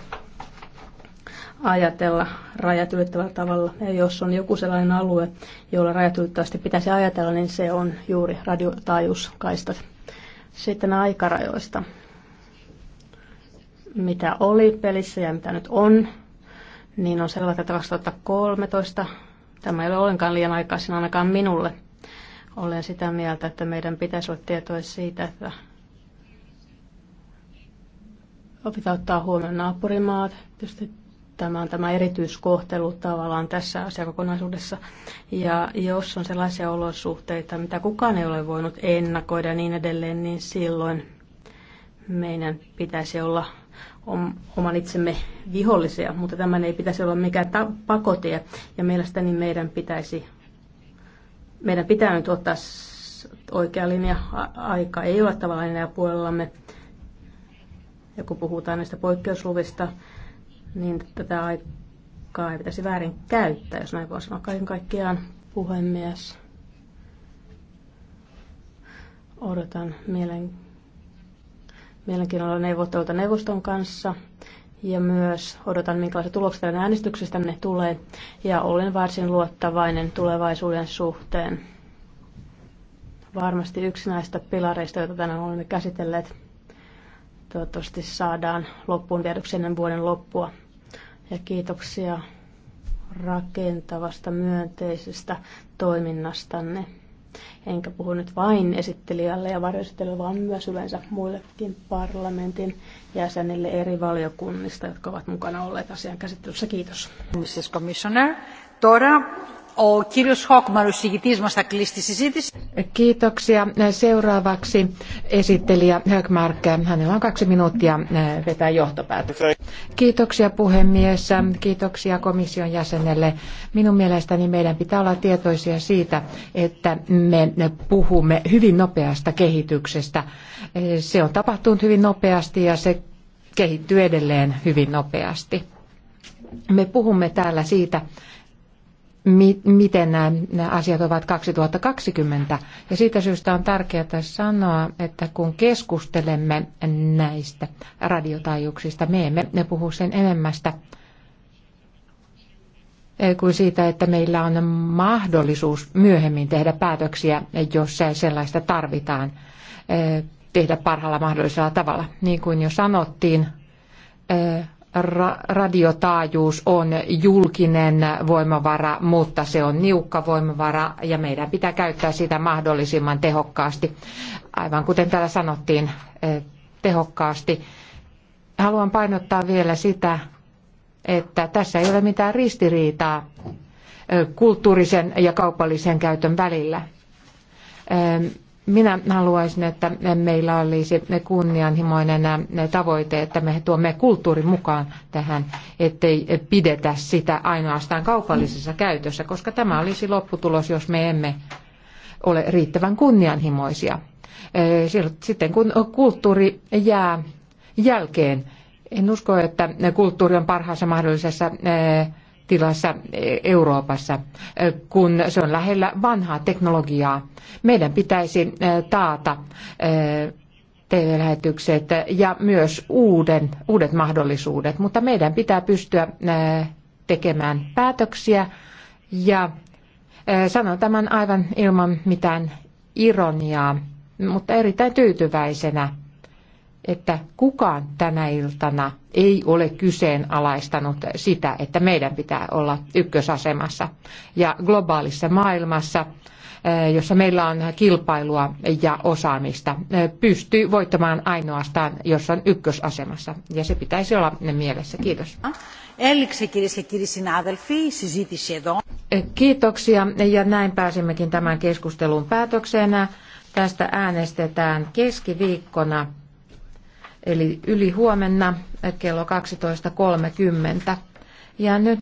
ajatella rajat ylittävällä tavalla. Ja jos on joku sellainen alue, jolla rajat ylittävästi pitäisi ajatella, niin se on juuri radiotaajuuskaistat. Sitten aikarajoista. Mitä oli pelissä ja mitä nyt on, niin on selvää, että 2013 tämä ei ole ollenkaan liian aikaisin ainakaan minulle. Olen sitä mieltä, että meidän pitäisi olla tietoja siitä, että pitää ottaa huomioon naapurimaat, tietysti Tämä on tämä erityiskohtelu tavallaan tässä asiakokonaisuudessa. Ja jos on sellaisia olosuhteita, mitä kukaan ei ole voinut ennakoida ja niin edelleen, niin silloin meidän pitäisi olla oman itsemme vihollisia, mutta tämän ei pitäisi olla mikään pakotie. Ja mielestäni meidän pitäisi, meidän pitää nyt ottaa oikea linja. Aika ei ole tavallaan enää puolellamme. Ja kun puhutaan näistä poikkeusluvista, niin tätä aikaa ei pitäisi väärin käyttää, jos näin voi sanoa kaiken kaikkiaan puhemies. Odotan mielen, mielenkiinnolla neuvottelulta neuvoston kanssa ja myös odotan, minkälaiset tulokset äänestyksestä ne tulee ja olen varsin luottavainen tulevaisuuden suhteen. Varmasti yksi näistä pilareista, joita tänään olemme käsitelleet, toivottavasti saadaan loppuun viedyksi ennen vuoden loppua ja kiitoksia rakentavasta myönteisestä toiminnastanne. Enkä puhu nyt vain esittelijälle ja varjoesittelijälle, vaan myös yleensä muillekin parlamentin jäsenille eri valiokunnista, jotka ovat mukana olleet asian käsittelyssä. Kiitos. Mrs. Commissioner, Tora Kiitoksia. Seuraavaksi esittelijä Högmark. Hänellä on kaksi minuuttia vetää johtopäätöksiä. Kiitoksia puhemies. Kiitoksia komission jäsenelle. Minun mielestäni meidän pitää olla tietoisia siitä, että me puhumme hyvin nopeasta kehityksestä. Se on tapahtunut hyvin nopeasti ja se kehittyy edelleen hyvin nopeasti. Me puhumme täällä siitä, miten nämä asiat ovat 2020. Ja siitä syystä on tärkeää sanoa, että kun keskustelemme näistä radiotaajuuksista, me emme ne puhu sen enemmästä kuin siitä, että meillä on mahdollisuus myöhemmin tehdä päätöksiä, jos sellaista tarvitaan eh, tehdä parhaalla mahdollisella tavalla. Niin kuin jo sanottiin, eh, ra- radiotaajuus on julkinen voimavara, mutta se on niukka voimavara ja meidän pitää käyttää sitä mahdollisimman tehokkaasti. Aivan kuten täällä sanottiin, eh, tehokkaasti. Haluan painottaa vielä sitä, että tässä ei ole mitään ristiriitaa eh, kulttuurisen ja kaupallisen käytön välillä minä haluaisin, että meillä olisi kunnianhimoinen tavoite, että me tuomme kulttuurin mukaan tähän, ettei pidetä sitä ainoastaan kaupallisessa käytössä, koska tämä olisi lopputulos, jos me emme ole riittävän kunnianhimoisia. Sitten kun kulttuuri jää jälkeen, en usko, että kulttuuri on parhaassa mahdollisessa tilassa Euroopassa, kun se on lähellä vanhaa teknologiaa. Meidän pitäisi eh, taata eh, TV-lähetykset ja myös uuden, uudet mahdollisuudet, mutta meidän pitää pystyä eh, tekemään päätöksiä ja sanon tämän aivan ilman mitään ironiaa, mutta erittäin tyytyväisenä että kukaan tänä iltana ei ole kyseenalaistanut sitä, että meidän pitää olla ykkösasemassa. Ja globaalissa maailmassa, eh, jossa meillä on kilpailua ja osaamista, eh, pystyy voittamaan ainoastaan, jos on ykkösasemassa. Ja se pitäisi olla mielessä. Kiitos. Eh, Kiitoksia ja näin pääsimmekin tämän keskustelun päätökseen. Tästä äänestetään keskiviikkona eli yli huomenna kello 12.30. Ja nyt